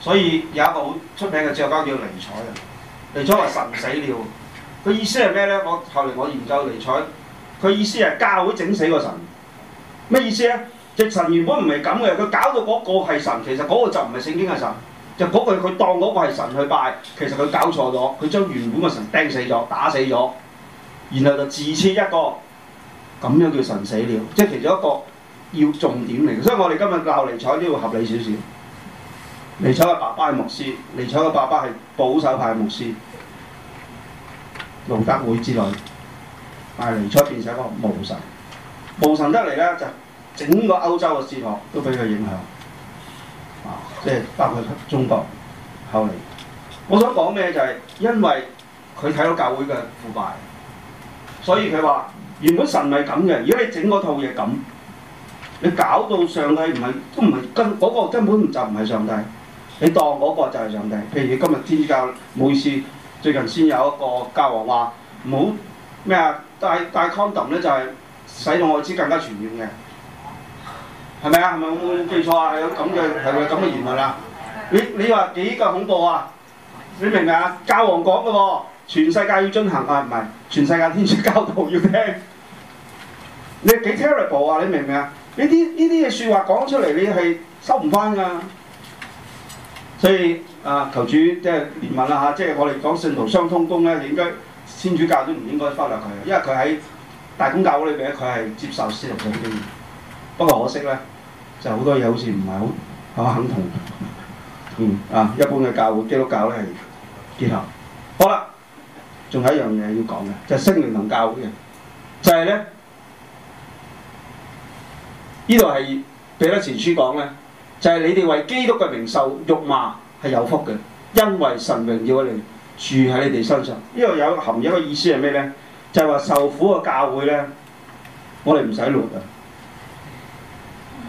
所以有一個好出名嘅哲學家叫尼采，啊，尼采話神死了。佢意思係咩咧？我後嚟我研究尼采，佢意思係教會整死個神，咩意思咧？只神原本唔係咁嘅，佢搞到嗰個係神，其實嗰個就唔係聖經嘅神，就嗰、是、佢、那個、當嗰個係神去拜，其實佢搞錯咗，佢將原本個神釘死咗、打死咗，然後就自設一個，咁樣叫神死了，即係其中一個要重點嚟。所以我哋今日鬧尼采都要合理少少。尼采嘅爸爸係牧師，尼采嘅爸爸係保守派牧師。路德會之類，尼采變成一個無神，無神得嚟咧就整個歐洲嘅哲學都俾佢影響，啊，即係包括中國後嚟。我想講咩，就係因為佢睇到教會嘅腐敗，所以佢話原本神係咁嘅，如果你整嗰套嘢咁，你搞到上帝唔係都唔係根，嗰個根本就唔係上帝，你當嗰個就係上帝。譬如今日天主教，每次。最近先有一個教皇話唔好咩啊戴 condom 咧就係使到艾滋更加傳染嘅，係咪啊？係咪我冇記錯啊？有咁嘅係咪咁嘅言論啊？你你話幾咁恐怖啊？你明唔明啊？教皇講嘅喎，全世界要遵行啊，唔係全世界天主教徒要聽，你幾 terrible 啊？你明唔明啊？呢啲呢啲嘅説話講出嚟你係收唔翻㗎，所以。啊！求主即係憐憫啦嚇！即係我哋講聖徒相通工咧，應該天主教都唔應該忽略佢，因為佢喺大公教會裏邊咧，佢係接受世俗嘅經驗。不過可惜咧，就多好多嘢好似唔係好肯同嗯啊一般嘅教會基督教咧結合。好啦，仲有一樣嘢要講嘅，就係聖靈同教會嘅，就係、是、咧呢度係彼得前書講咧，就係、是、你哋為基督嘅名受辱罵。係有福嘅，因為神明要我哋住喺你哋身上。呢個有含有一個意思係咩呢？就係話受苦嘅教會呢，我哋唔使攣啊！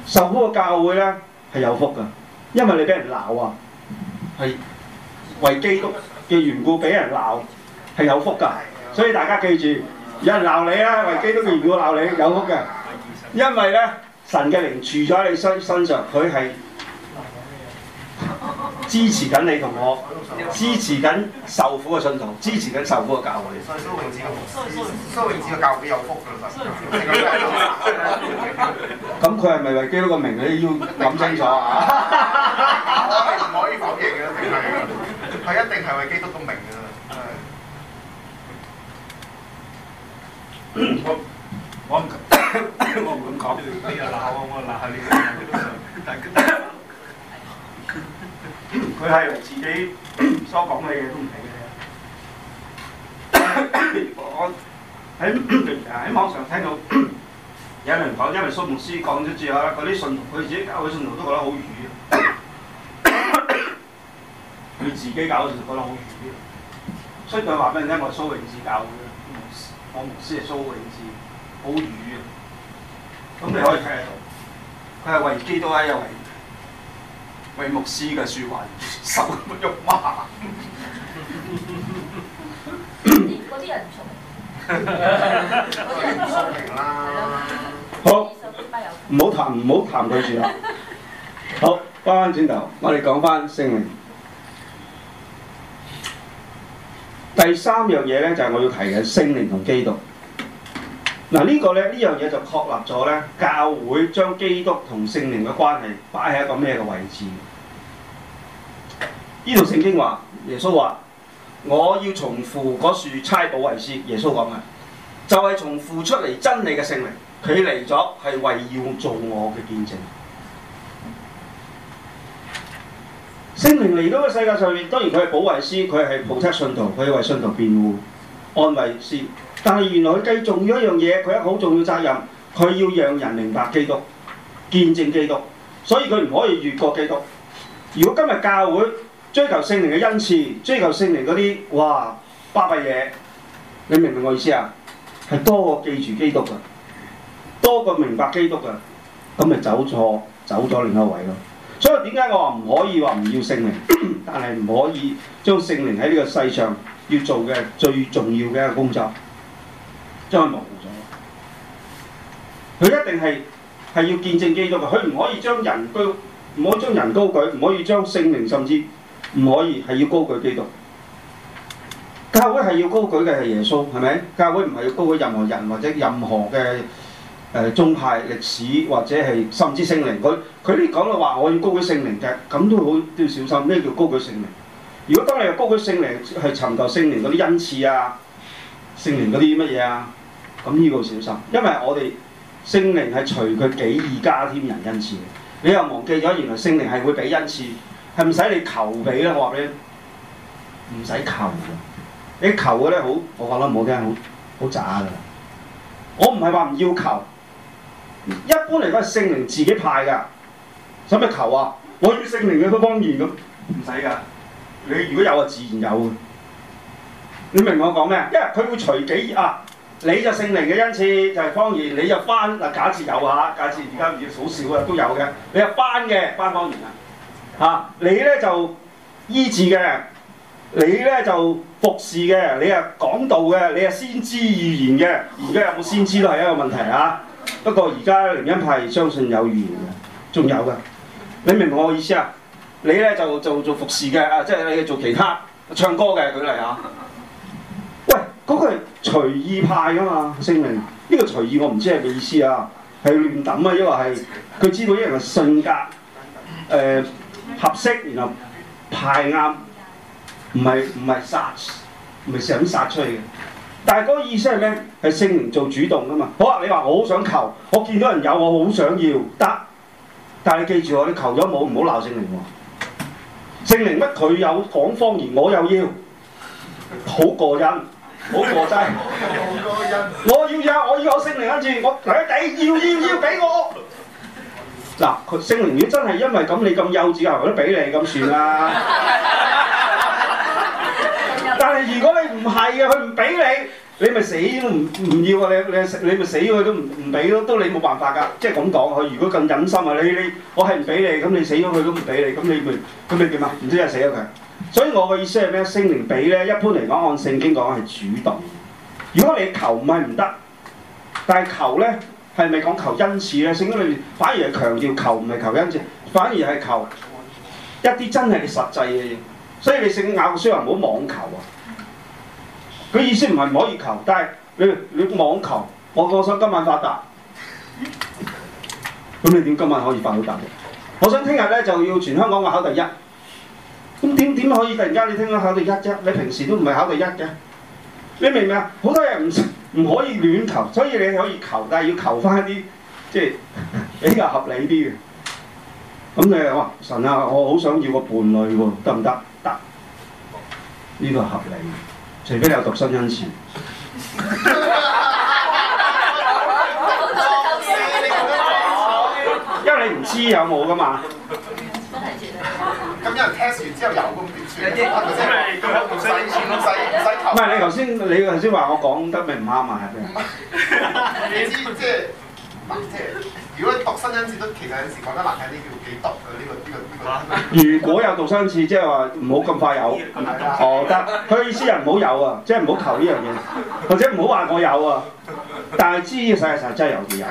受苦嘅教會呢，係有福嘅，因為你俾人鬧啊，係為基督嘅緣故俾人鬧係有福㗎。所以大家記住，有人鬧你啊，為基督嘅緣故鬧你有福嘅，因為呢，神嘅靈住咗喺你身身上，佢係。支持緊你同我，支持緊受苦嘅信徒，支持緊受苦嘅教會。所以蘇永智嘅教會有福㗎，咁佢係咪為基督嘅名？你要諗清楚啊！唔可以否認嘅，係一定係為基督嘅名㗎。我我我唔敢講，你又鬧我，我鬧你，你鬧佢都得。但係 mor。佢係自己呵呵所講嘅嘢都唔係嘅。我喺喺網上聽到有人講，因為蘇牧師講咗之後，嗰啲信徒佢自己教嘅信徒都覺得好愚。佢 自己教就覺得好愚。所以佢話俾你聽。我蘇永志教嘅，我牧師係蘇永志，好愚嘅。咁你可以睇得到，佢係維基多啲又維。位牧師嘅説話，手咁喐嘛。嗰啲嗰啲人做，好唔好談？唔好談佢住啦。好，翻返轉頭，我哋講翻聖靈。第三樣嘢咧，就係我要提嘅聖靈同基督。嗱，呢個咧，呢樣嘢就確立咗咧，教會將基督同聖靈嘅關係擺喺一個咩嘅位置？呢度聖經話，耶穌話：我要從父嗰處差保惠師。耶穌講嘅就係從父出嚟真理嘅聖靈，佢嚟咗係為要做我嘅見證。聖靈嚟到個世界上面，當然佢係保惠師，佢係 protect 信徒，佢係為信徒辯護、安慰師。但係原來佢最重要一樣嘢，佢一個好重要責任，佢要讓人明白基督、見證基督。所以佢唔可以越過基督。如果今日教會，追求聖靈嘅恩賜，追求聖靈嗰啲哇巴閉嘢，你明唔明我意思啊？係多過記住基督㗎，多過明白基督㗎，咁咪走錯，走咗另一位咯。所以點解我話唔可以話唔要聖靈， 但係唔可以將聖靈喺呢個世上要做嘅最重要嘅一個工作，將佢冇咗。佢一定係係要見證基督嘅，佢唔可以將人，唔可以將人高舉，唔可以將聖靈甚至。唔可以，係要高舉基督。教會係要高舉嘅係耶穌，係咪？教會唔係要高舉任何人或者任何嘅、呃、宗派、歷史或者係甚至聖靈。佢佢啲講話，我要高舉聖靈嘅，咁都，都要小心。咩叫高舉聖靈？如果當你有高舉聖靈去尋求聖靈嗰啲恩賜啊，聖靈嗰啲乜嘢啊，咁呢個小心，因為我哋聖靈係隨佢己意加添人恩賜嘅。你又忘記咗原來聖靈係會俾恩賜。係唔使你求俾啦，我話畀你，唔使求嘅。你求嘅咧好，我覺得唔好聽，好渣嘅。我唔係話唔要求，一般嚟講係聖靈自己派嘅，使乜求啊？我要聖靈嘅方言咁，唔使噶。你如果有，自然有。你明白我講咩？因為佢會隨己啊，你就聖靈嘅恩賜就係方言，你就翻，假設有下，假設而家唔知好少都有嘅。你又翻嘅翻方言。啊！你呢就醫治嘅，你呢就服侍嘅，你啊講道嘅，你啊先知預言嘅。而家有冇先知都係一個問題啊！不過而家靈恩派相信有預言嘅，仲有㗎。你明唔明我意思啊？你呢就，就做做服侍嘅啊，即係你做其他唱歌嘅舉例啊。喂，嗰、那個係隨意派啊嘛，聲明呢個隨意我唔知係咩意思啊？係亂揼啊，因為係佢知道啲人嘅性格，誒、呃。合適，然後排啱，唔係唔係殺，唔係成日咁殺出去嘅。但係嗰個意思係咩？係聖靈做主動㗎嘛？好啊，你話我好想求，我見到人有，我好想要得。但係你記住喎，你求咗冇，唔好鬧聖靈喎。聖靈乜佢有講方言，我又要，好過癮，好過癮。我要有，我要有聖靈跟住我，你哋要要要俾我。嗱，佢聖靈如果真係因為咁，你咁幼稚，佢都俾你咁算啦。 但係如果你唔係嘅，佢唔俾你，你咪死都唔唔要啊！你你你咪死咗佢都唔唔俾咯，都你冇辦法㗎。即係咁講，佢如果咁忍心啊，你你我係唔俾你，咁你，你死咗佢都唔俾你，咁你咪咁你點啊？唔知啊，死咗佢。所以我嘅意思係咩？聖靈俾咧，一般嚟講按聖經講係主動。如果你求唔係唔得，但係求咧。係咪講求恩賜咧？聖經裏面反而係強調求唔係求恩賜，反而係求一啲真係實際嘅嘢。所以你聖經雅各書又唔好妄求啊！佢意思唔係唔可以求，但係你你妄求，我，我想今晚發達，咁你點今晚可以發到達？我想聽日呢就要全香港我考第一，咁點點可以突然間你聽日考第一啫？你平時都唔係考第一嘅，你明唔明啊？好多人唔～唔可以亂求，所以你可以求，但係要求翻一啲，即係比較合理啲嘅。咁你話神啊，我好想要個伴侶喎，得唔得？得，呢、這個合理，除非你有獨身恩賜。 因為你唔知有冇噶嘛。咁有人 test 完之後有咁點算啊？唔係，你頭先你頭先話我講得咪唔啱啊？係咩？你知即係嗱，即係如果你讀新生字都其實有時講得難喺呢個幾毒嘅呢個呢個呢個。這個這個、如果有讀生字，即係話唔好咁快有，嗯、哦得。佢、嗯、行意思係唔好有啊，即係唔好求呢樣嘢，或者唔好話我有，實在實在實在有啊。但係知世實係真係有啲有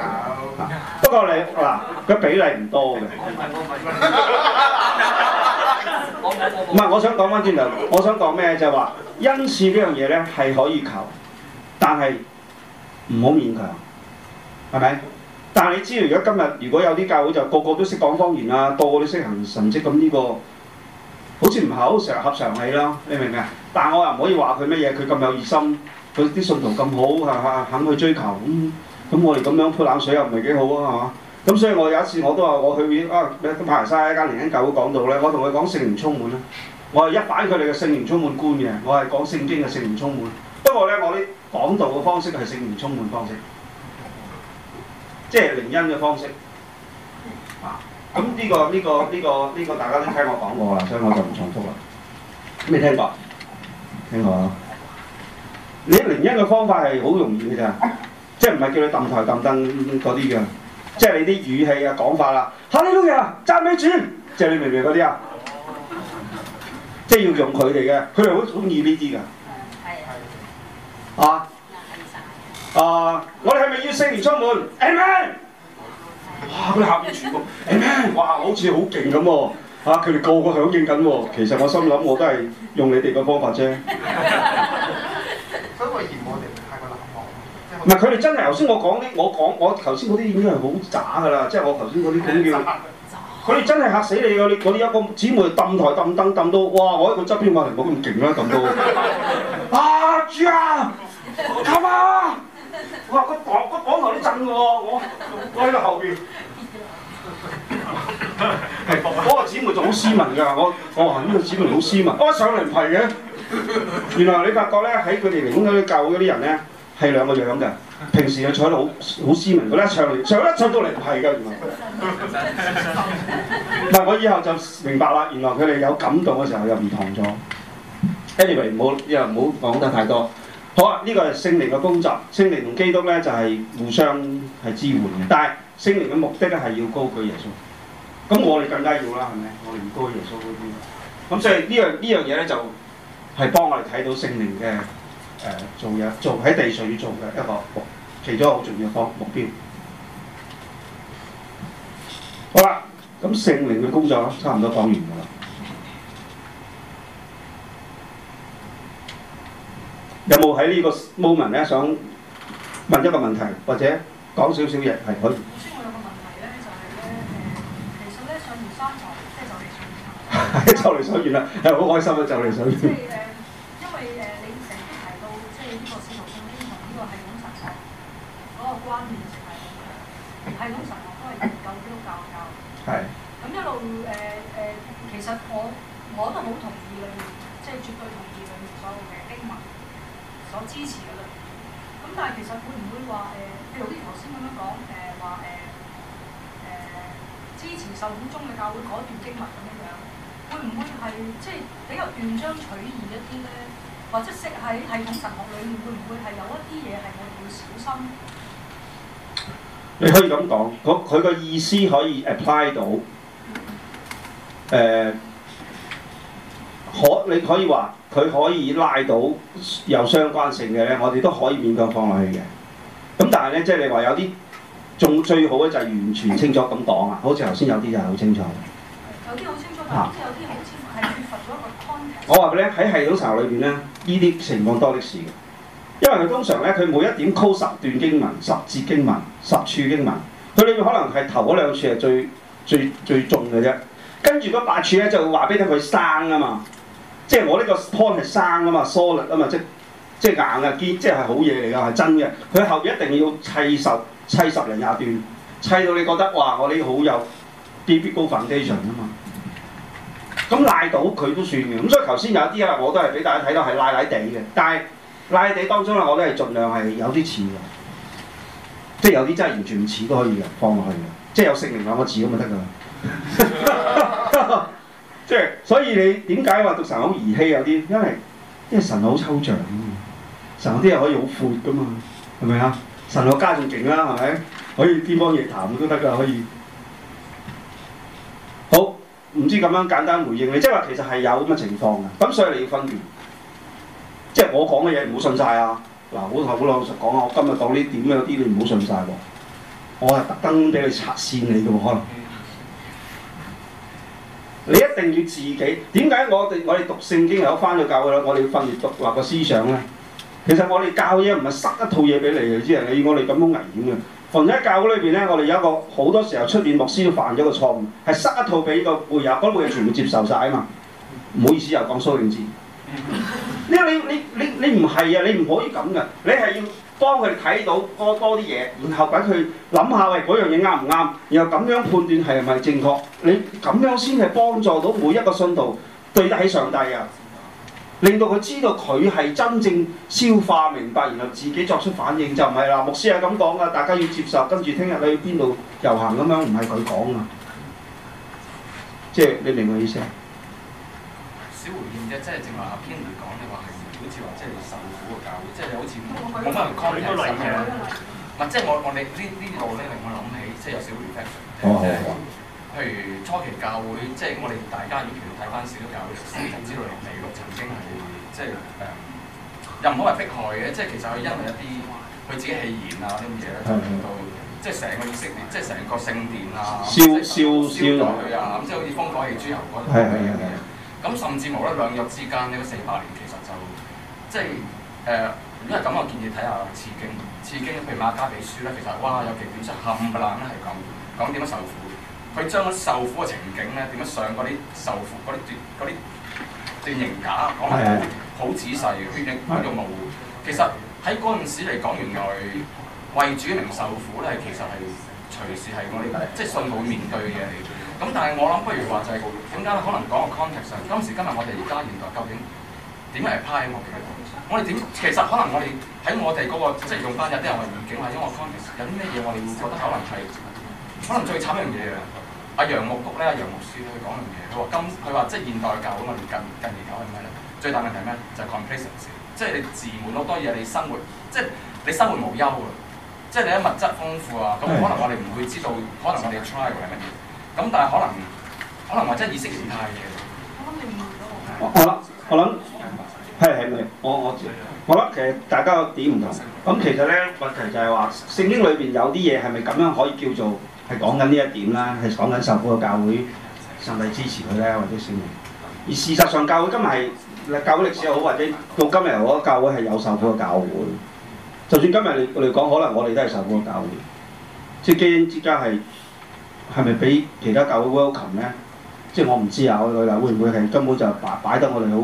不過你嗱個、啊、比例唔多嘅。 唔係，我想講翻轉頭，我想講咩就係、是、話，恩賜呢樣嘢咧係可以求，但係唔好勉強，係咪？但係你知道，如果今日如果有啲教會就個個都識講方言啊，個個都識行神跡咁呢個，好似唔係好成日合常理啦，你明唔明啊？但係我又唔可以話佢乜嘢，佢咁有熱心，佢啲信徒咁好，係咪肯去追求？咁、嗯、咁我哋咁樣潑冷水又唔係幾好啊？係、啊、嘛？咁、嗯、所以我有一次我都話我去完啊咩都排曬一間靈恩教會講道咧，我同佢講聖靈充滿啦，我係一反佢哋嘅聖靈充滿觀嘅，我係講聖經嘅聖靈充滿。不過咧，我啲講道嘅方式係聖靈充滿方式，即係靈恩嘅方式。啊，咁呢、這個呢、這個呢、這個呢、這個大家都聽我講過啦，所以我就唔重複啦。未聽過？聽過啊？你靈恩嘅方法係好容易嘅咋，即係唔係叫你揼台揼凳嗰啲嘅。即係你啲語氣啊，講法啦，哈利路亞啊，讚美主，即係、就是、你明唔明嗰啲啊，即係要用佢哋嘅，佢哋好中意呢啲㗎，係係啊啊！我哋係咪要四年出門？阿門哇！佢哋下邊全部阿門哇！好似好勁咁喎，嚇、啊！佢哋個，個個響應緊喎、啊。其實我心諗我都係用你哋嘅方法啫。 唔係佢哋真係頭先我講啲，我講我頭先嗰啲已經係好渣噶啦，即係我頭先嗰啲咁叫，佢哋真係嚇死你噶！你啲哋一個姊妹揼台揼凳揼到，哇！我喺個側邊話唔好咁勁啦，揼到。阿朱啊，唓嘛！哇！啊啊啊哇頭，我我，嗯那個講，個講台都震嘅，我我喺個後邊。係嗰個姊妹就好斯文㗎，我我話呢個姊妹好斯文，我、啊、上嚟唔係嘅。原來你發覺咧，喺佢哋嚟講咧教會嗰啲人咧。係兩個樣嘅，平時佢坐喺度好好斯文，佢一唱完，唱一唱到嚟唔係㗎，原來唔 我以後就明白啦，原來佢哋有感動嘅時候又唔同咗。Anyway，唔好又唔好講得太多。好啊，呢個係聖靈嘅工作，聖靈同基督咧就係、是、互相係支援嘅。但係聖靈嘅目的咧係要高舉耶穌，咁我哋更加要啦，係咪？我哋高舉耶穌嗰啲。咁所以、這個這個、呢樣呢樣嘢咧就係、是、幫我哋睇到聖靈嘅。誒 做嘢做喺地上要做嘅一個其中一個好重要方目標。好啦，咁聖靈嘅工作差唔多講完噶啦。有冇喺呢個 moment 咧想問一個問題，或者講少少嘢係佢？首先我有個問題咧，就係咧誒，其實咧上嚟、即係、上完啦，係好 開心啊！就嚟上完。其實我我都好同意你，即係絕對同意你所有嘅經文所支持嘅嘢。咁但係其實會唔會話誒、欸，例如啲頭先咁樣講誒，話誒誒支持受苦中嘅教會嗰段經文咁樣樣，會唔會係即係比較斷章取義一啲咧？或者識喺系統神學裏面，會唔會係有一啲嘢係我哋要小心？你可以咁講，佢佢個意思可以 apply 到。誒、呃，可你可以話佢可以拉到有相關性嘅咧，我哋都可以勉強放落去嘅。咁但係咧，即係你話有啲仲最好嘅就係完全清楚咁講啊，好似頭先有啲就係好清楚。有啲好清楚，但係有啲好清楚係缺乏咗個 point，啊。我話佢咧喺系統查裏邊咧，呢啲情況多的是，因為佢通常咧佢每一點 call 十段經文、十節經文、十處經文，佢裏面可能係頭嗰兩處係最最最重嘅啫。跟住嗰白柱咧就話俾佢生啊嘛，即、就、係、是、我呢個 spoon 係生啊嘛，solid 啊嘛，即、就、即、是就是、硬啊堅，即係、就是、好嘢嚟㗎，係真嘅。佢後邊一定要砌十砌十零廿段，砌到你覺得哇，我呢好有 deep high foundation 啊嘛。咁賴到佢都算嘅，咁所以頭先有啲啦，我都係俾大家睇到係賴賴地嘅，但係賴地當中啦，我都係盡量係有啲似嘅，即係有啲真係完全唔似都可以嘅，放落去嘅，即係有姓名兩個字咁就得㗎。即係， 所以你點解話讀神好兒戲有啲？因為因為神好抽象嘅，神啲嘢可以好闊噶嘛，係咪啊？神學家仲勁啦，係咪？可以天方夜譚都得噶，可以。好，唔知咁樣簡單回應你，即係話其實係有咁嘅情況嘅，咁所以你要分辨。即係我講嘅嘢唔好信晒啊！嗱，我同好老實講啊，我今日講呢點有啲你唔好信晒喎。我係特登俾佢拆線你嘅喎。可能你一定要自己點解。我哋我哋讀聖經又有翻去教嘅啦，我哋要訓練獨立個思想呢。其實我哋教嘢唔係塞一套嘢俾你，你知啊？你我哋咁樣危險嘅，逢喺教會裏面呢，我哋有一個好多時候出面牧師都犯咗個錯誤，係塞一套俾個會友，嗰會友全部接受曬啊嘛。唔好意思又講蘇永智，你你你你你唔係啊，你唔、啊、可以咁嘅，你係要。幫佢哋睇到多多啲嘢，然後俾佢諗下喂，嗰樣嘢啱唔啱，然後咁樣判斷係咪正確。你咁樣先係幫助到每一個信徒對得起上帝啊，令到佢知道佢係真正消化明白，然後自己作出反應就唔係啦。牧師係咁講噶，大家要接受。跟住聽日你去邊度遊行咁樣，唔係佢講啊。即係你明我意思？小回應嘅即係淨係阿堅。嗯好似冇乜人抗展人生嘅，唔係即係我我哋呢呢度咧令我諗起，即係有少少 reflection 哦，譬如初期教會，即係我哋大家如果睇翻少教會史，知道嚟咯，曾經係即係誒，又唔好話迫害嘅，即係其實佢因為一啲佢自己氣焰啊呢啲嘢就令到即係成個以色列，即係成個聖殿啊，燒燒燒落去啊，咁即係好似烽火戲諸侯嗰啲咁嘅。咁甚至無得兩約之間呢個四百年其實就即係誒。因為係咁，我建議睇下《次經》，《次經》譬如馬加比書咧，其實哇，有幾點出冚唪唥，咧係咁講點樣受苦，佢將嗰受苦嘅情景咧點樣上嗰啲受苦嗰啲段啲段刑架講係好仔細嘅，渲染嗰種模糊。其實喺嗰陣時嚟講，原來為主名受苦咧，其實係隨時係、就是、我哋即係信號面對嘅嘢嚟。咁但係我諗不如話就係點解可能講個 context 上，當時今日我哋而家現代究竟？點嚟派我哋？我哋點？其實可能我哋喺我哋嗰個，即係用翻有啲外圍環境啊，音樂方面，有啲咩嘢我哋會覺得可能睇？可能最慘一樣嘢啊！阿楊木谷咧，阿楊木書咧，佢講樣嘢，佢話今佢話即係現代教，咁我哋近近年教係咩咧？最大問題係咩？就係 complacency，即係你自滿咯。多嘢，你生活即係你生活無憂啊！即係你嘅物質豐富啊，咁可能我哋唔會知道，可能我哋嘅 trial 係乜嘢？咁但係可能可能話真係意識形態嘅。我覺得你唔多我諗係係咪？我我我諗其實大家個點唔同。咁其實咧，問題就係話聖經裏邊有啲嘢係咪咁樣可以叫做係講緊呢一點啦？係講緊受苦嘅教會，上帝支持佢咧，或者聖靈。而事實上，教會今日係教會歷史又好，或者到今日我覺得教會係有受苦嘅教會。就算今日嚟嚟講，可能我哋都係受苦嘅教會。即係基恩之家係係咪比其他教會彎得勤咧？即係我唔知啊！我個女嘅會唔會係根本就擺擺得我哋好？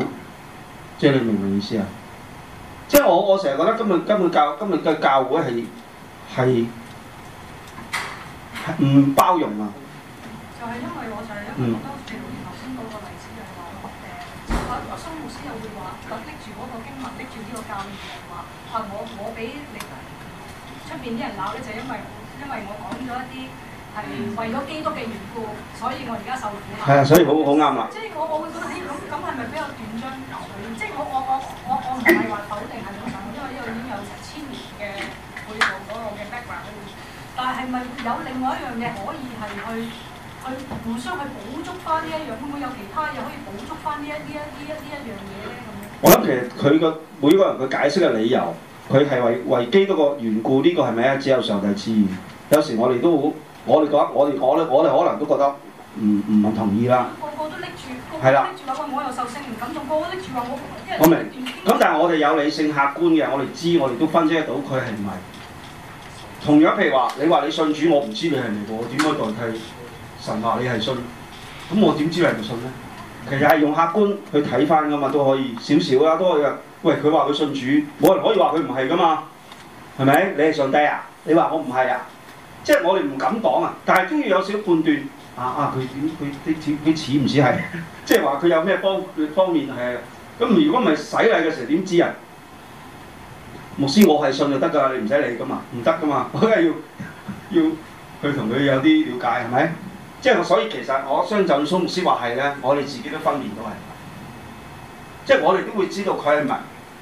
即係你明唔明意思啊？即係我我成日覺得根本根本教根本嘅教會係係唔包容啊！就係因為我就係因為我多基督徒頭先嗰個例子就係話誒，有個宣教師又會話：佢拎住嗰個經文，拎住呢個教義話，話我我俾你出面啲人鬧咧，就因為因為我講咗一啲。係為咗基督嘅緣故，所以我而家受苦啊！係啊，所以好好啱啊！就是、即係我我會覺得，誒咁咁係咪比較斷章取義？即係我我我我我唔係話否定係咁講，因為呢度已經有成千年嘅背後嗰個嘅 background 但係係咪有另外一樣嘢可以係去去互相去補足翻呢一樣？會唔會有其他嘢可以補足翻呢一呢一呢一呢一樣嘢咧？咁我諗其實佢個每個人佢解釋嘅理由，佢係為為基督個緣故，呢個係咪啊？只有上帝之知。有時我哋都好。我哋覺得，我咧，我哋可能都覺得唔唔同意啦。個個都拎住，係啦，拎住話我我又受聖靈感動，個個拎住話我即係我明。咁但係我哋有理性客觀嘅，我哋知，我哋都分析得到佢係唔係。同樣譬如話，你話你信主，我唔知你係唔係，我點可以代替神話你係信？咁我點知你係唔信咧？其實係用客觀去睇翻噶嘛，都可以少少啦，啊，都可以。喂，佢話佢信主，冇人可以話佢唔係噶嘛，係咪？你係上帝啊？你話我唔係啊？即係我哋唔敢講啊，但係終於有少少判斷啊啊！佢點佢啲似佢似唔似係？像像 即係話佢有咩方方面係咁？如果唔係洗禮嘅時候點知啊？牧師我係信就得㗎啦，你唔使理㗎嘛，唔得㗎嘛，我梗係要要去同佢有啲了解係咪？即係所以其實我相信宋牧師話係咧，我哋自己都分辨到係，即係我哋都會知道佢係唔係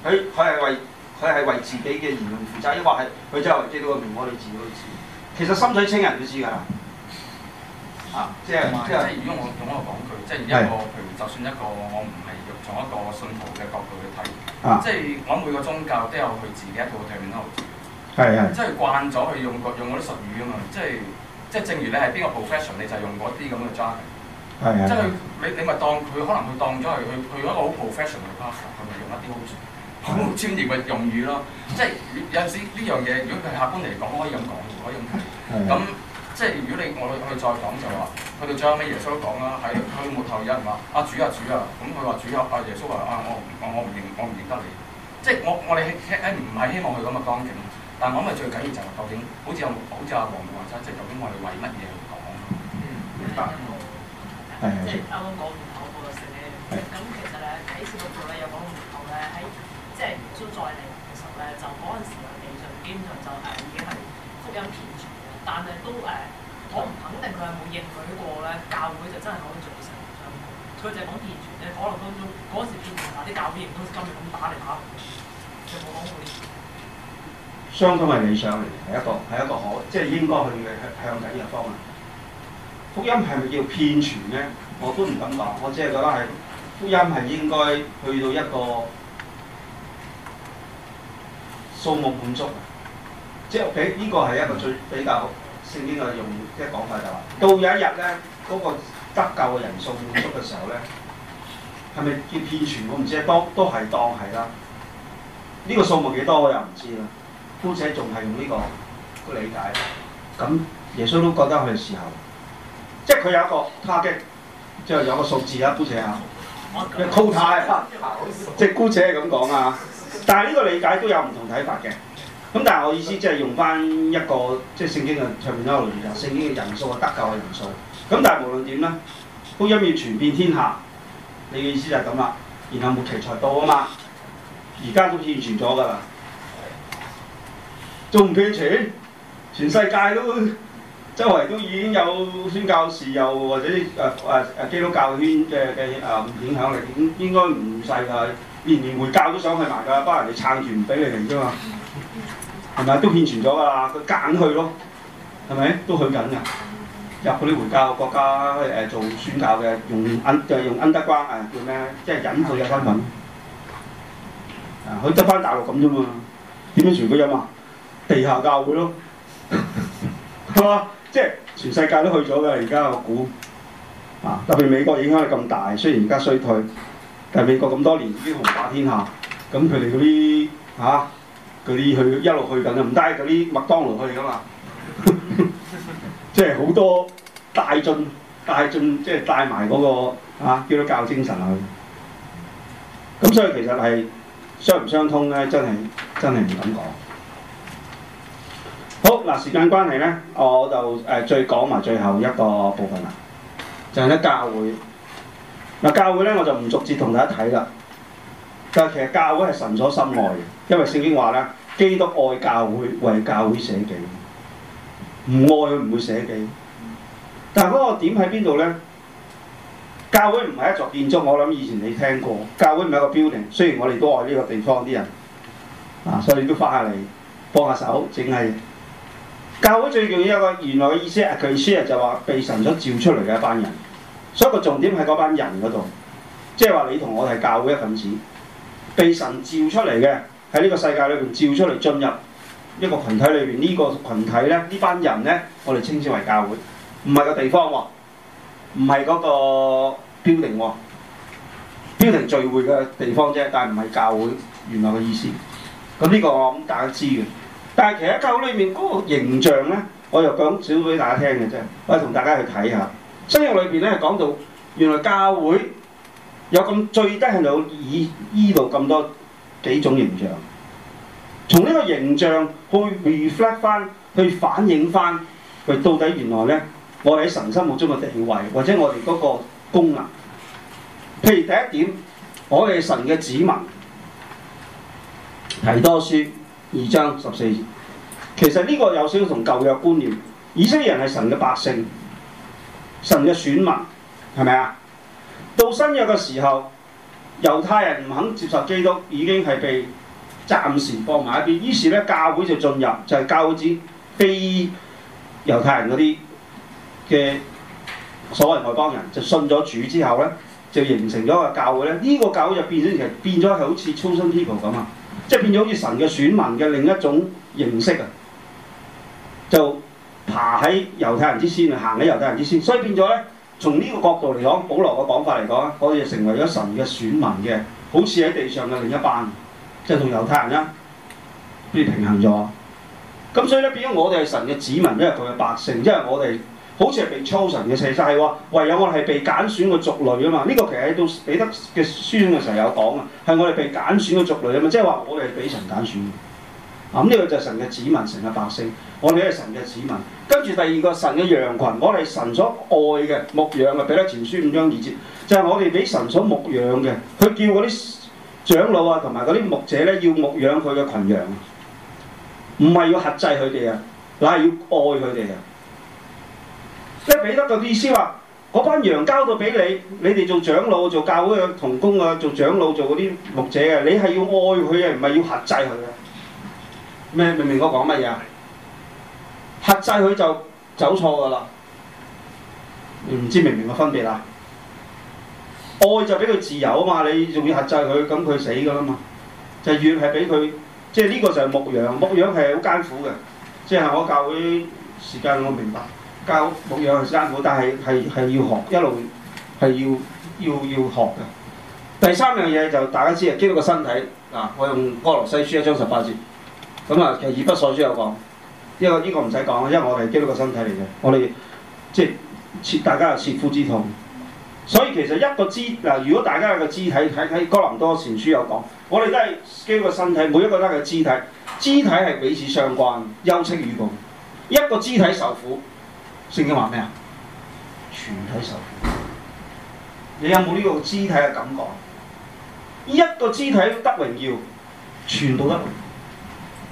佢佢係為佢係為，為自己嘅言論負責，亦或係佢真係為基督嘅名，我哋自己。去。其實心水清人都知㗎，啊，就是就是、即係即係。即是如果我用一個講句，是即係一個譬如就算一個，我唔係用從一個信徒嘅角度去睇，即係我每個宗教都有佢自己一套嘅 terminology。係即係慣咗佢用用嗰啲術語啊嘛，即係即係正如你係邊個 profession，你就用嗰啲咁嘅 jargon。係係，即係、就是、你你咪當佢可能佢當咗係佢佢一個好 professional 嘅 person，佢咪用一啲好。好專業嘅用語咯，即、就、係、是、有陣時呢樣嘢，如果佢係客觀嚟講，可以咁講，可以咁。咁即係如果你我我再講就話、是，去到最後尾耶穌都講啦，係佢冇有人話，阿主啊主啊，咁佢話主啊，阿、啊、耶穌話，啊我我我唔認，我唔認得你。即、就、係、是、我我哋聽唔係希望佢咁嘅光景，但係我諗係最緊要就係、是、究竟好，好似有好似阿黃講咁啊，即、就是、究竟我哋為乜嘢講？嗯。明白是。即係啱啱講完口，嘅時候咁其實咧第一次嗰度咧有。即係耶穌再嚟嘅時候咧，就嗰陣時嘅地上基本上就誒已經係福音遍傳嘅，但係都誒可唔肯定佢係冇應許過咧，教會就真係可以做成咁好。佢就係講遍傳，你可能當中嗰時遍傳嗱啲教會亦都今日咁打嚟打去，有冇講過？相通係理想嚟嘅，係一個係一,一個可即係應該去嘅向緊嘅方向。福音係咪叫遍傳咧？我都唔敢講，我只係覺得係福音係應該去到一個。數目滿足，即係屋呢個係一個最比較性呢嘅用即係、就是、講法就話，到有一日咧嗰個得救嘅人數滿足嘅時候咧，係咪叫遍全，我唔知，當都係當係啦。呢、這個數目幾多我又唔知啦。姑且仲係用呢、這個、個理解。咁耶穌都覺得佢係時候，即係佢有一個 target，即係有個數字啊。姑且啊，高泰，即係姑且係咁講啊。但係呢個理解都有唔同睇法嘅，咁但係我意思即係用翻一個即係聖經嘅上面啦，例如聖經嘅人數啊，得救嘅人數。咁但係無論點咧，福音要傳遍天下，你嘅意思就係咁啦。然後末期才到啊嘛，而家都遍傳咗㗎啦，仲唔遍傳？全世界都，周圍都已經有宣教士又或者誒誒誒基督教圈嘅嘅誒影響力，應應該唔細㗎。連回教都想去埋㗎，幫人哋撐住唔俾你停啫嘛，係咪啊？都獻傳咗㗎啦，佢揀去咯，係咪？都去緊㗎，入嗰啲回教國家、呃、做宣教嘅，用恩就係用恩德關啊，叫咩？即係隱退嘅英文啊，佢得返大陸咁啫嘛，點樣傳福音啊？地下教會咯，係嘛？ 即係全世界都去咗嘅，而家我估、啊、特別美國影響力咁大，雖然而家衰退。但係美國咁多年已經紅霸天下，咁佢哋嗰啲嚇，嗰啲去一路去緊啊，唔單係嗰啲麥當勞去噶嘛，即係好多帶進帶進，即係帶埋嗰、嗰個嚇、啊，叫做教育精神去。咁所以其實係相唔相通呢？真係真係唔敢講。好嗱，時間關係呢，我就再講埋最後一個部分啦，就係咧教會。教會咧，我就唔逐字同大家睇啦。其實教會係神所深愛嘅，因為聖經話基督愛教會，為教會捨己，唔愛佢唔會捨己。但係嗰個點喺邊度呢？教會唔係一座建築，我諗以前你聽過，教會唔係個 building。雖然我哋都愛呢個地方啲人，所以都返下嚟幫下手，淨係教會最重要一個原來嘅意思啊，句書啊就話被神所召出嚟嘅一班人。所以個重點係嗰班人嗰度，即係話你同我哋係教會一份子，被神召出嚟嘅喺呢個世界裏邊召出嚟，進入一個群體裏邊，呢個群體咧，呢班人咧，我哋稱之為教會，唔係個地方喎、哦，唔係嗰個 building、哦，building 聚會嘅地方啫，但係唔係教會原來嘅意思。咁呢個我諗大家知嘅，但係其實教會裏面嗰個形象咧，我又講少啲畀大家聽嘅啫，我同大家去睇下。新約裡面咧講到，原來教會有咁最低限度以依度咁多幾種形象，從呢個形象去 reflect 翻，去反映翻佢到底原來咧，我哋喺神心目中嘅地位，或者我哋嗰個功能。譬如第一點，我哋係神嘅子民，提多書二章十四節，其實呢個有少少同舊約觀念，以色列人係神嘅百姓。神嘅選民係咪啊？到新約嘅時候，猶太人唔肯接受基督，已經係被暫時放埋一邊。於是呢，教會就進入就係、是、教會之非猶太人嗰啲嘅所謂外邦人，就信咗主之後呢，就形成咗個教會咧。呢、這個教會就變咗成變咗係好似 chosen people 咁啊！即係變咗好似神嘅選民嘅另一種形式啊！就爬喺猶太人之先，行喺猶太人之先，所以變咗咧，從呢個角度嚟講，保羅嘅講法嚟講，我哋成為咗神嘅選民嘅，好似喺地上嘅另一班，即係同猶太人啊，變平衡咗。咁所以咧，變咗我哋係神嘅子民，因為佢係百姓，因為我哋好似係被操神嘅，其實係話唯有我哋係被揀選嘅族類啊嘛。呢、這個其實喺到彼得嘅書信嘅時候有講啊，係我哋被揀選嘅族類啊嘛，即係話我哋俾神揀選的。咁呢個就係神嘅子民，神嘅百姓。我哋係神嘅子民。跟住第二個，神嘅羊群。我哋係神所愛嘅牧養，啊！彼得前書五章二節，就係、是、我哋俾神所牧養嘅。佢叫嗰啲長老啊，同埋嗰啲牧者呢，要牧養佢嘅群羊，唔係要轄制佢哋啊，嗱係要愛佢哋啊。即係彼得嘅意思話，嗰班羊交到俾你，你哋做長老、做教會嘅同工啊、做長老、做嗰啲牧者嘅，你係要愛佢啊，唔係要轄制佢啊。咩？明明我講乜嘢？嚇曬佢就走錯噶啦，唔知明唔明個分別啦？愛就俾佢自由啊嘛，你仲要嚇曬佢，咁佢死噶啦嘛。就越係俾佢，即係呢個就係牧羊。牧羊係好艱苦嘅，即係我教佢時間我明白，教牧羊係艱苦，但係係係要學，一路係要要要學嘅。第三樣嘢就大家知啊，基督嘅身體嗱，我用歌羅西書一章十八節。咁啊、嗯，其實《以弗所書》有講，呢個呢個唔使講，因為我哋係基督嘅身體嚟嘅，我哋即大家係切膚之痛。所以其實一個肢如果大家有個肢體在，睇睇《哥林多前書》有講，我哋都係基督嘅身體，每一個都係個肢體，肢體係彼此相關、休戚與共。一個肢體受苦，聖經話咩？全體受苦。你有冇呢個肢體嘅感覺？一個肢體得榮耀，全部得榮耀。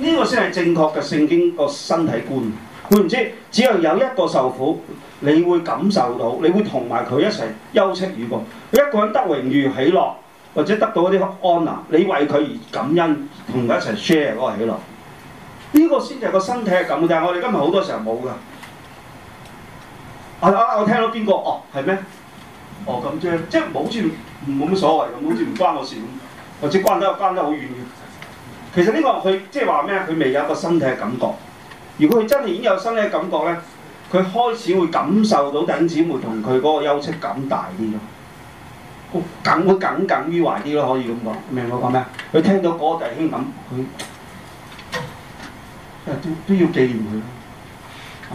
呢個先係正確嘅聖經個身體觀，會唔知只要有一個受苦，你會感受到，你會同埋佢一齊休戚與共。佢一個人得榮譽喜樂，或者得到一啲安寧，你為佢而感恩，同佢一齊 share 嗰個喜樂。呢、這個先係個身體係咁嘅，但係我哋今日好多時候冇㗎。啊啊！我聽到邊個？哦，係咩？哦，咁啫、就是，即係冇好似冇乜所謂咁，好似唔關我事咁，或者關得關得好遠嘅。其實呢個佢即係話咩？佢未有一個身體嘅感覺。如果佢真係已經有身體嘅感覺咧，佢開始會感受到弟兄姊妹同佢嗰個休戚感大啲咯，好會耿耿於懷啲咯，可以咁講。明我講咩？佢聽到嗰弟兄咁，佢都都要紀念佢咯。啊，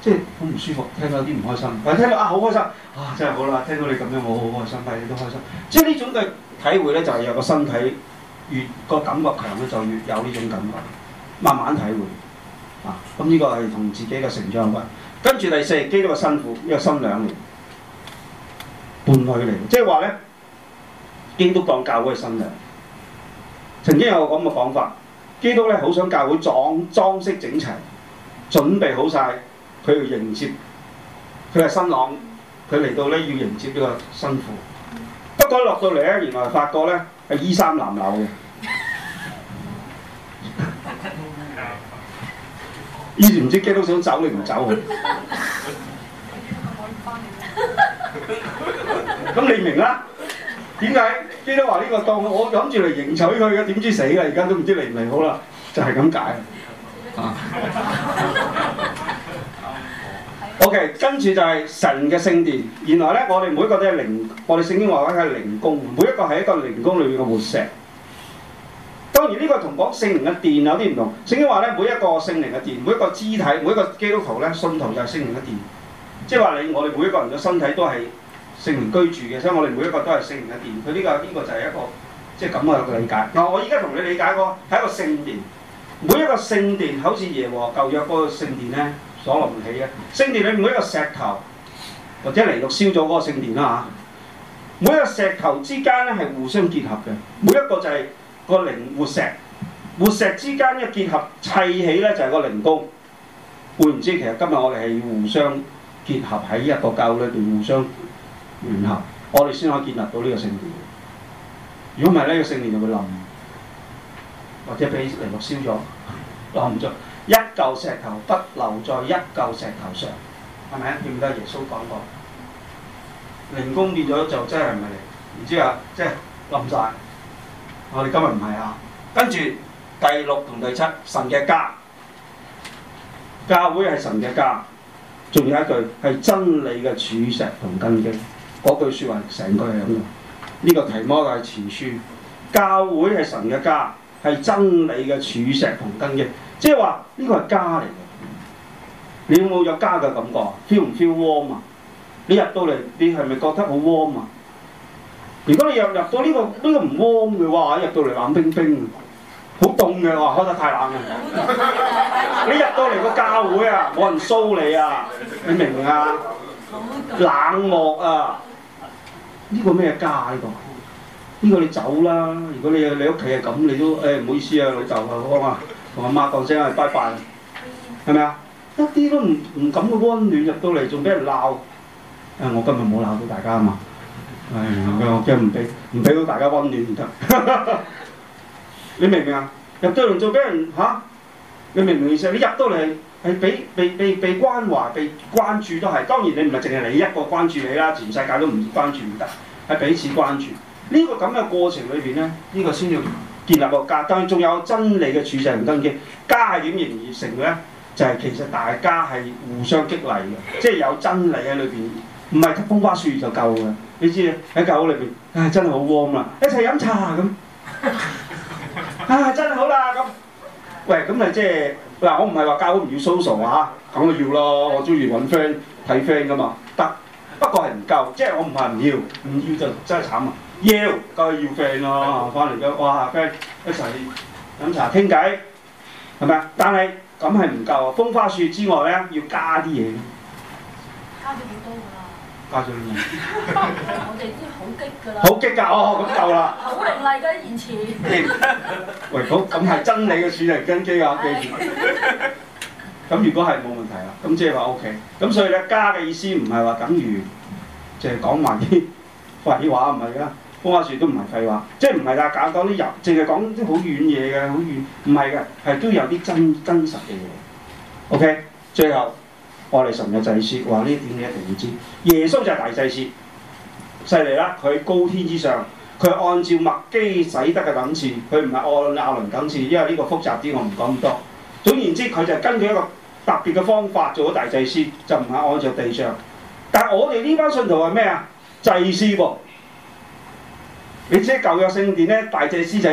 即係好唔舒服，聽到有啲唔開心。但係聽到啊，好開心啊！真係好啦，聽到你咁樣，我好開心，大家都開心。即係呢種嘅體會咧，就係有個身體。越個感覺強就越有呢種感覺。慢慢體會啊！咁、嗯、呢、這個係同自己嘅成長有關。跟住第四基督嘅新婦，一個新郎嚟。伴侶嚟，即係話咧，基督當教會新娘，曾經有咁嘅講法，基督咧好想教會裝裝飾整齊，準備好晒，佢要迎接佢係新郎，佢嚟到咧要迎接呢個新婦。不過落到嚟咧，原來發覺咧。係衣衫襤褸嘅，以前唔知基督想走你唔走，佢 咁你明啦？點解基督話呢個當我諗住嚟迎娶佢嘅，點知死啦？而家都唔知嚟唔嚟好啦，就係咁解啊！ OK，跟住就係神嘅聖殿。原來咧，我哋每一個都係靈，我哋聖經話緊係靈宮，每一個係一個靈宮裏面嘅活石。當然呢個同講聖靈嘅殿有啲唔同。聖經話咧，每一個聖靈嘅殿，每一個肢體，每一個基督徒咧，信徒就係聖靈嘅殿。即係話你，我哋每一個人嘅身體都係聖靈居住嘅，所以我哋每一個都係聖靈嘅殿。佢呢個邊個就係一個，即係咁嘅理解。嗱，我依家同你理解過，係一個聖殿。每一個聖殿好似耶和舊約嗰個聖殿咧。阻唔起啊！聖殿裏面每一個石頭，或者泥燭燒咗嗰個聖殿啦吓，每一個石頭之間咧係互相結合嘅，每一個就係個靈活石，活石之間嘅結合砌起咧就係個靈宮。會唔知其實今日我哋係要互相結合喺一個教裏邊互相聯合，我哋先可以建立到呢個聖殿。如果唔係咧，個聖殿就會冧，或者俾泥燭燒咗，擋唔著。一嚿石頭不留在一嚿石頭上，係咪啊？記唔記得耶穌講過？靈工跌咗就真係唔係嚟，唔知啊，即係冧曬。我哋今日唔係啊。跟住第六同第七，神嘅家，教會係神嘅家，仲有一句係真理嘅柱石同根基。嗰句説話成句係噉嘅。呢個提摩太前書，教會係神嘅家，係真理嘅柱石同根基。即係話呢個係家嚟嘅，你有冇有，有家嘅感覺？feel 唔 feel warm 啊？你入到嚟，你係咪覺得好 warm 啊？如果你入入到呢、呢個呢、呢個唔 warm 嘅，哇！入到嚟冷冰冰，好凍嘅，我話開得太冷嘅。 你入到嚟個教會啊，冇人蘇你啊，你明唔明啊？冷漠啊？呢、呢個咩家呢、啊呢個？呢、呢個你走啦！如果你有你屋企係咁，你都誒唔、哎、好意思啊，老豆啊，好嘛？同阿媽講聲啊，拜拜，係咪啊？一啲都唔唔感到溫暖，入到嚟，仲俾人鬧，誒我今日冇鬧到大家啊嘛，係我即係唔俾唔俾到大家溫暖唔得、 啊，你明唔明啊？入到嚟做俾人嚇，你明唔明意思？你入到嚟係俾被俾俾關懷、被關注都係，當然你唔係淨係你一個關注你啦，全世界都唔關注唔得，係彼此關注。呢、這個咁嘅、這個、過程裏邊咧，呢個先要。建立個家，當然仲有真理嘅處置同根基。家係點形成咧？就係、是、其實大家係互相激勵嘅，即係有真理喺裏面，唔係風花雪月就夠嘅。你知喺教會裏面，唉，真係好 warm 啦，一齊飲茶咁，啊，真係好啦咁。喂，咁就即係嗱，我唔係話教會唔要 social 嚇、啊，梗係要咯，我鍾意揾 friend 睇 friend 㗎嘛，得。不過係唔夠，即係我唔係唔要，唔要就真係慘啊！要梗係要 friend 咯，翻嚟嘅哇，friend 一齊飲茶傾偈，係咪？但係咁係唔夠啊！風花雪月之外咧，要加啲嘢。加咗好多㗎啦！加咗啲嘢。我哋啲好激㗎啦。好激㗎，哦咁夠啦。好凌厲嘅言辭。激！喂 ts，咁咁係真理嘅選擇根基啊，記住。咁如果係冇問題啊，咁即係話 OK。咁所以咧，加嘅意思唔係話等於，就係講埋啲廢話，唔係㗎。我話說都唔係廢話，即係唔係㗎，搞到啲人淨係講啲好遠嘢嘅，好遠，唔係嘅，係都有啲真真實嘅嘢。OK，最後愛嚟神嘅祭司話呢點你一定要知道，耶穌就係大祭司，犀利啦！佢高天之上，佢按照麥基洗德嘅等次，佢唔係按亞倫等次，因為呢個複雜啲，我唔講咁多。總言之，佢就根據一個特別嘅方法做咗大祭司，就唔係按照地上。但我哋呢班信徒係咩啊？祭司噃，啊。你知舊約聖殿呢，大祭司就一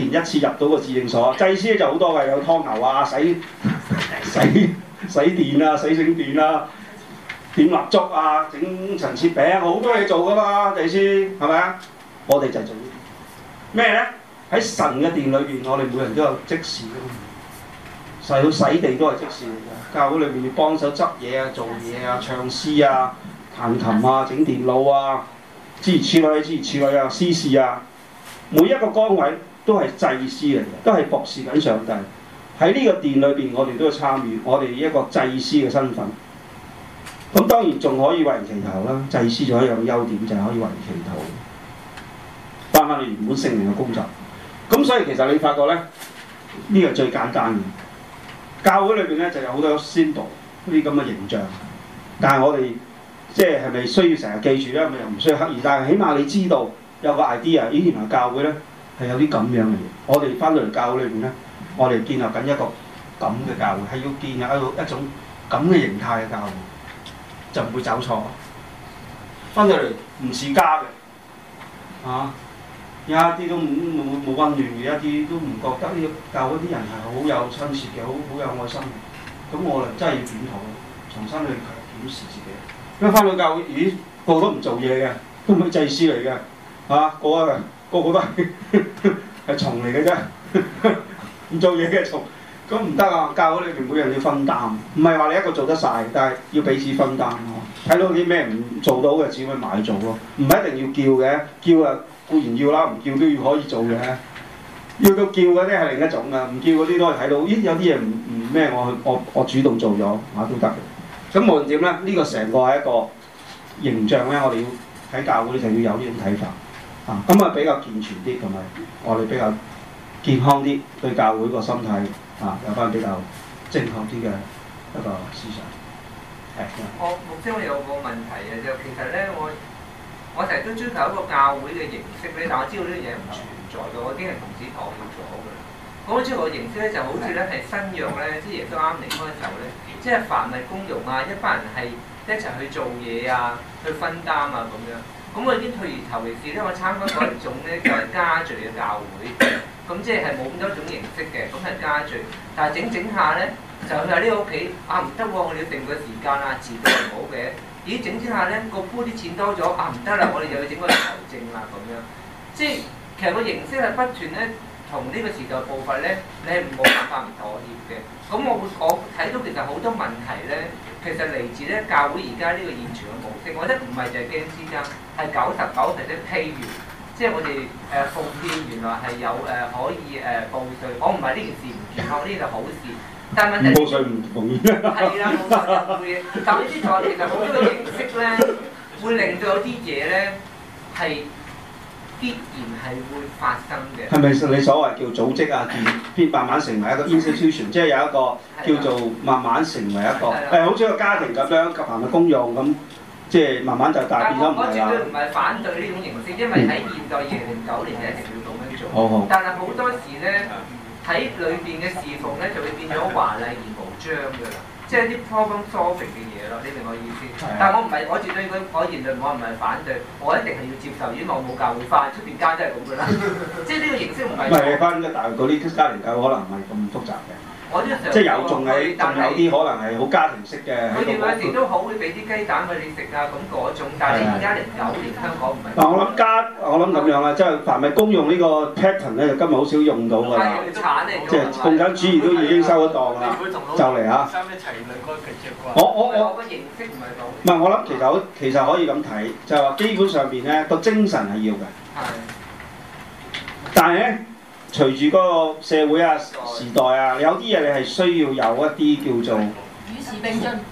年一,一次入到個至聖所，祭司咧就好多嘅，有劏牛啊、洗洗洗殿啊、洗聖殿啊、點蠟燭啊、整陳設餅，好多嘢做噶嘛，祭司係咪啊？我哋就係做咩呢？喺神嘅殿裏邊，我哋每人都有即時嘅，甚至洗地都係即時嚟㗎。教會裏邊要幫手執嘢啊、做嘢啊、唱詩啊、彈琴啊、整電腦啊。此侍女啊，此女啊，司事啊，每一個崗位都係祭司嚟，都係服侍緊上帝。喺呢個殿裏面，我哋都要參與我哋一個祭司嘅身份。咁當然仲可以為人祈禱啦，祭司仲有一個優點就係可以為人祈禱，翻返去原本聖靈嘅工作。咁所以其實你發覺咧，呢個最簡單嘅教會裏面咧就有好多先導呢啲咁嘅形象，但係我哋。即係係咪需要成日記住咧？咪又唔需要刻意，但係起碼你知道有個 idea。咦，原來教會咧係有啲咁樣嘅嘢。我哋翻到嚟教會裏面咧，我哋建立緊一個咁嘅教會，係要建立一個一種咁嘅形態嘅教會，就唔會走錯。翻到嚟唔似家嘅、啊，有一啲都冇冇冇温暖嘅，有一啲都唔覺得教會啲人係好有親切嘅，好好有愛心嘅。咁我哋真係要轉頭，重新去強檢視自己。一翻到教會，咦，不的是來的啊、個，個，個個都唔做嘢嘅，都唔係祭司嚟嘅，嚇個都係蟲嚟嘅啫，唔做嘢嘅蟲，咁唔得啊！教會裏面每人要分擔，唔係話你一個做得曬，但係要彼此分擔咯。睇到啲咩唔做到嘅自己埋去做咯，唔係一定要叫嘅，叫啊固然要啦，唔叫都要可以做嘅。要到叫嗰啲係另一種啊，唔叫嗰啲我睇到，咦，有啲嘢唔唔咩，我我主動做咗，嚇、啊、都得。咁無論點咧，呢、這個成個係一個形象咧，我哋要喺教會就要有呢種睇法啊。咁啊比較健全啲，同埋我哋比較健康啲對教會個心態啊，有翻比較正確啲嘅一個思想。誒，我目標有個問題嘅，就其實咧我我成日都追求一個教會嘅形式咧，但我知道呢啲嘢唔存在㗎，我啲人從此代表咗㗎。講到追求個形式咧，就好似咧係新約咧，即係亦都啱離開時候咧。即係凡衆共融啊，一班人係一齊去做嘢啊，去分擔啊咁樣。咁我已經退而求其次，因我參加過一種咧，就係家聚嘅教會，咁即係冇咁多種形式嘅，咁係家聚。但係整整下咧，就去下呢個屋企啊，唔得喎，我哋要定個時間啦、啊，遲到唔好嘅。咦，整整下咧，個鋪啲錢多咗啊，唔得啦，我哋又要整個財政啦咁樣。即係其實個形式係不斷咧。同呢個時代步伐咧，你冇辦法唔妥協嘅。咁我我睇到其實好多問題咧，其實嚟自咧教會而家呢個現存嘅模式，我覺得唔係就係驚先生係九十九 percent 譬如，即係我哋誒奉獻原來係有誒、呃、可以誒、呃、報稅，我唔係呢件事唔妥呢就好事，但問題。報稅唔同。係 啦，冇稅唔會。但呢啲在其實好多嘅形式咧，會令到有啲嘢咧係。必然係會發生嘅。係咪你所謂叫組織啊，變變慢慢成為一個 institution，的即係有一個叫做慢慢成為一個，誒的，好似的個家庭咁樣及行嘅功用咁，即係慢慢就大變咗唔係啦。我絕對唔係反對呢種形式，因為喺現代二零零九年一定要咁樣做。哦哦、嗯。好好。但係好多時咧，喺裏邊嘅侍奉咧就會變咗華麗而無章㗎啦。即係啲 problem solving 嘅嘢咯，你明我意思？的但係我唔係，我絕對我言我論，我唔係反對，我一定係要接受。如果我冇教會翻出邊街都係咁噶啦。 即係呢個形式唔係。唔係翻嘅，但到呢出家庭教可能唔係咁複雜嘅。即係有種係仲有啲可能係好家庭式嘅，佢點樣食都好，佢俾啲雞蛋佢哋食啊！咁嗰種，但係而家零九年香港唔係。嗱，我諗家，我諗咁樣啊，即係凡係公用呢個 pattern 咧，今日好少用到㗎啦。即係共產主義都已經收咗檔啦。就嚟啊。我我我形式唔係好。唔係，我諗其實好，其實可以咁睇，就係話基本上面咧個精神係要嘅。係。但係。隨住嗰個社會啊時代啊，有啲嘢你係需要有一啲叫做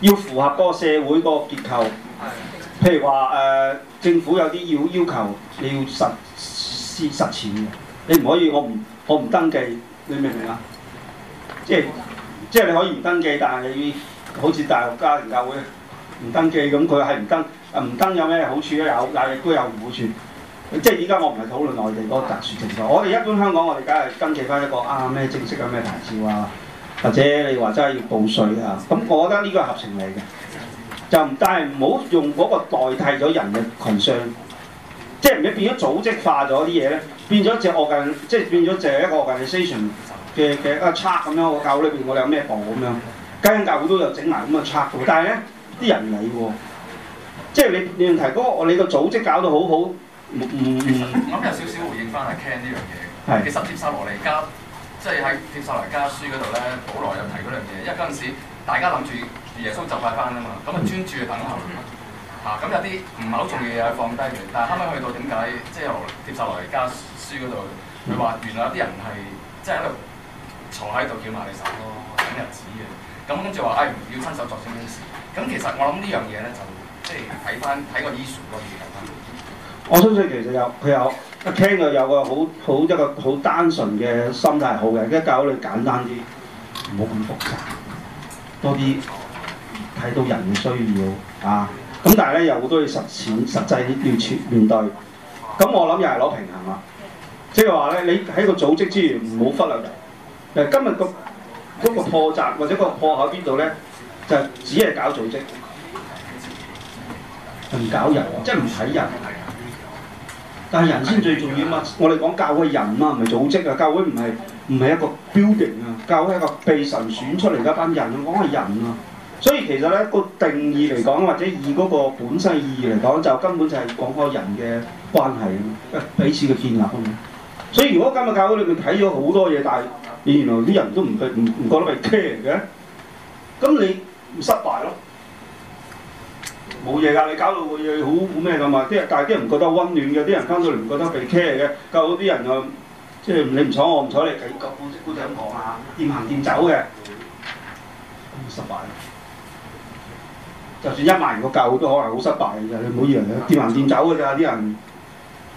要符合嗰個社會嗰個結構。譬如話誒、呃，政府有啲要要求你要實施實踐嘅，你唔可以我唔我唔登記，你明唔明啊？即係即係你可以唔登記，但係你好似大陸家庭教會唔登記咁，佢係唔登啊唔登有咩好處咧？有，但係亦都有唔好處。即係而家我唔係討論內地嗰個特殊情況，我哋一般香港，我哋梗係登記翻一個啊咩正式嘅咩牌照啊，或者你話真係要報稅啊，咁、嗯、我覺得呢個係合情理嘅，就唔但係唔好用嗰個代替咗人嘅群商。即係唔好變咗組織化咗啲嘢咧，變咗只惡即係變咗就係一個 organization 嘅 station 嘅嘅一個測咁樣，個教會裏邊我哋有咩部咁樣，間間教會都有整埋咁嘅測嘅，但係咧啲人唔理喎，即係你你問題嗰個，我你個組織搞到好好。其實我諗有少少回應翻阿 k e n 呢樣嘢嘅，的其實帖撒羅尼加即係喺帖撒羅尼加書嗰度咧，保羅有提嗰樣嘢，因為嗰陣時大家諗住耶穌就快翻啦嘛，咁啊專注去等候嚇，咁、 啊、有啲唔係好重要嘅嘢放低嘅，但係後尾去到點解即係由帖撒羅尼加書嗰度，佢話原來有啲人係即係喺度坐喺度叫埋你手咯，等日子嘅，咁跟住話誒要親手作成呢件事，咁其實我諗呢樣嘢咧就是、即係睇翻睇個 issue 嗰邊。我相信其實有佢有聽就有個好好一個單純好單純嘅心態好嘅，一係教你簡單啲，唔好咁複雜，多啲睇到人嘅需要啊。咁但係咧有好多要實踐實際要對面對。咁我諗又係攞平衡啊，即係話咧你喺個組織之餘唔好忽略人。誒，今日個嗰個破綻或者個破口邊度咧，就只係搞組織，唔搞人，即係唔睇人。.但人先最重要嘛！ 我哋講教會係人嘛，啊，唔係組織啊，教會唔係唔係一個 building 啊，教會係一個被神選出嚟一班人，人啊，講係人咯。所以其實呢個定義嚟講，或者以嗰個本身意義嚟講，就根本就係講個人嘅關係咯，啊，彼此嘅建立咯，啊。所以如果今日教會裏面睇咗好多嘢，但係原來啲人都唔對，唔唔覺得被 care 嘅，咁你失敗咯。冇嘢㗎，你搞到會好好咩㗎嘛？但係啲人唔覺得温暖嘅，啲人翻到嚟唔覺得被 care 嘅，救到啲人啊，即係你唔坐我唔坐你，睇官官就咁講啊，掂行掂走嘅，失敗。就算一萬人個價，都可能好失敗嘅，你係唔好以為碰碰啊，掂行掂走㗎咋，啲人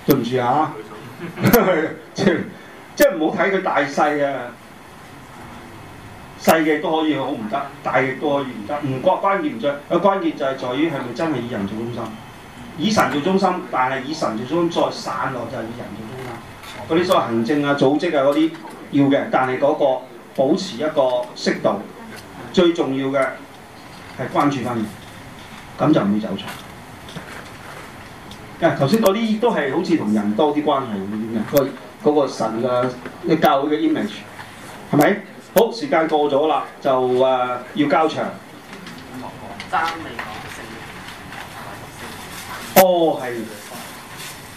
對唔住啊，即係唔好睇佢大細啊。細嘅都可以好唔得，大嘅都可以唔得。唔關，關鍵唔在，個關鍵就係在於係咪真係以人做中心，以神做中心。但係以神做中心再散落就係以人做中心。嗰啲所謂行政啊、組織啊嗰啲要嘅，但係嗰個保持一個適度，最重要嘅係關注翻佢，咁就唔會走錯。啊，頭先嗰啲都係好似同人多啲關係咁嘅，嗰個嗰、嗰個神嘅、啲、嗰個、教會嘅 image 係咪？好，時間過咗啦，就誒、啊、要交場。生哦，係，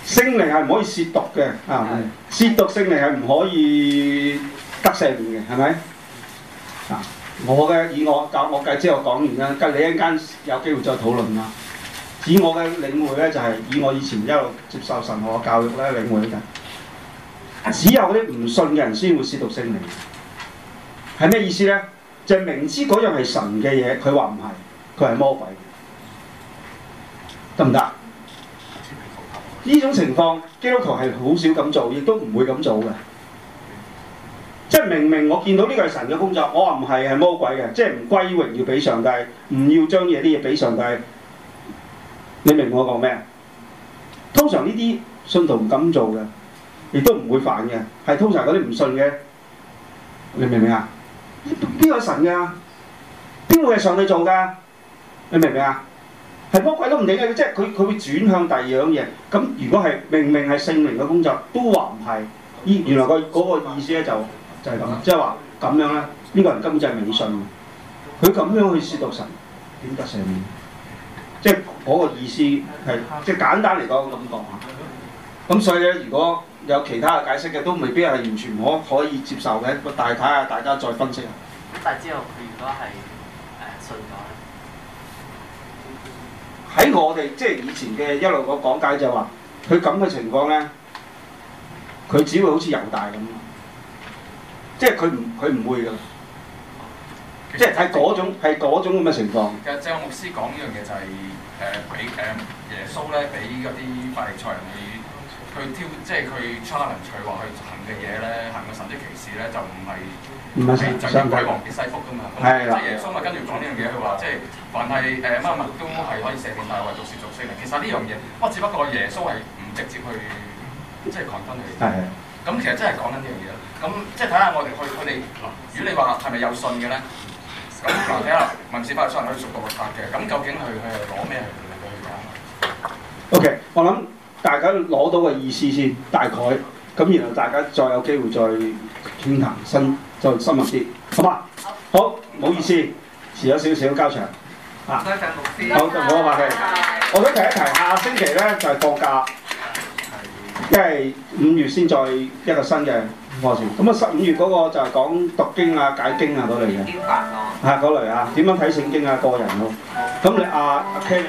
聖靈係唔可以褻瀆嘅，啊，褻瀆聖靈係唔可以得赦嘅，係咪？啊，我嘅以我教我計之後講完啦，跟住你一間有機會再討論啦。以我嘅領會咧，就係、是、以我以前一路接受神學教育咧領會嘅，只有啲唔信嘅人先會褻瀆聖靈。係咩意思呢？就是，明知嗰樣係神嘅嘢，佢話唔係，佢係魔鬼，得唔得？呢種情況，基督徒係好少咁做，亦都唔會咁做嘅。即係明明我見到呢個係神嘅工作，我話唔係係魔鬼嘅，即係唔歸榮耀俾上帝，唔要將嘢啲嘢俾上帝。你明白我講咩？通常呢啲信徒唔敢做嘅，亦都唔會犯嘅，係通常嗰啲唔信嘅。你明唔明？邊個神噶？邊個係上帝做噶？你明唔明啊？係魔鬼都唔頂嘅，即係佢佢會轉向第二樣嘢。咁如果係明明係聖靈嘅工作，都話唔係。依原來個嗰個意思咧，就就係咁，即係話咁樣咧，呢個人根本就係迷信，佢咁樣去思到神，點得神？即係嗰個意思係，即係簡單嚟講咁講。咁所以咧，如果有其他嘅解釋嘅都未必係完全可可以接受嘅，個但睇下大家再分析下。咁但係之後佢如果係誒信我喺我哋即係以前嘅一路嘅講解就話，佢咁嘅情況咧，佢只會好似猶大咁，即係佢唔佢唔會㗎， 即係睇嗰種係嗰 種咁嘅情況。其實張牧師講呢樣嘢就係誒俾誒耶穌咧，俾嗰啲法利賽人。佢挑即係佢 challenge 佢話佢行嘅嘢咧，行嘅神蹟奇事咧就唔係唔係著件鬼王別西卜噶嘛，即係的耶穌咪跟住講呢樣嘢，佢話即係凡係誒乜乜都係可以赦免，但係獨褻瀆聖靈。其實呢樣嘢，不我只不過耶穌係唔直接去即係強姦嚟。咁、就是、的其實真係講緊呢樣嘢，咁即係睇下我哋去佢哋，如果你話係咪有信嘅咧，咁嚟睇下民事法律上以屬唔屬法嘅？咁究竟佢佢係攞咩嚟去講？O K，我諗。大家攞到個意思先，大概咁，然後大家再有機會再傾談新，再深入啲，好嗎？好，唔好意思，遲咗少少交場。啊，好，好謝我想提一提，下星期咧就係放假，因為五月先再一個新嘅課程。咁啊，十五月嗰個就係講讀經啊、解經啊嗰類嘅。那個嗯、啊？係嗰類啊？點樣睇聖經啊？個人咯。咁你阿阿 Kelly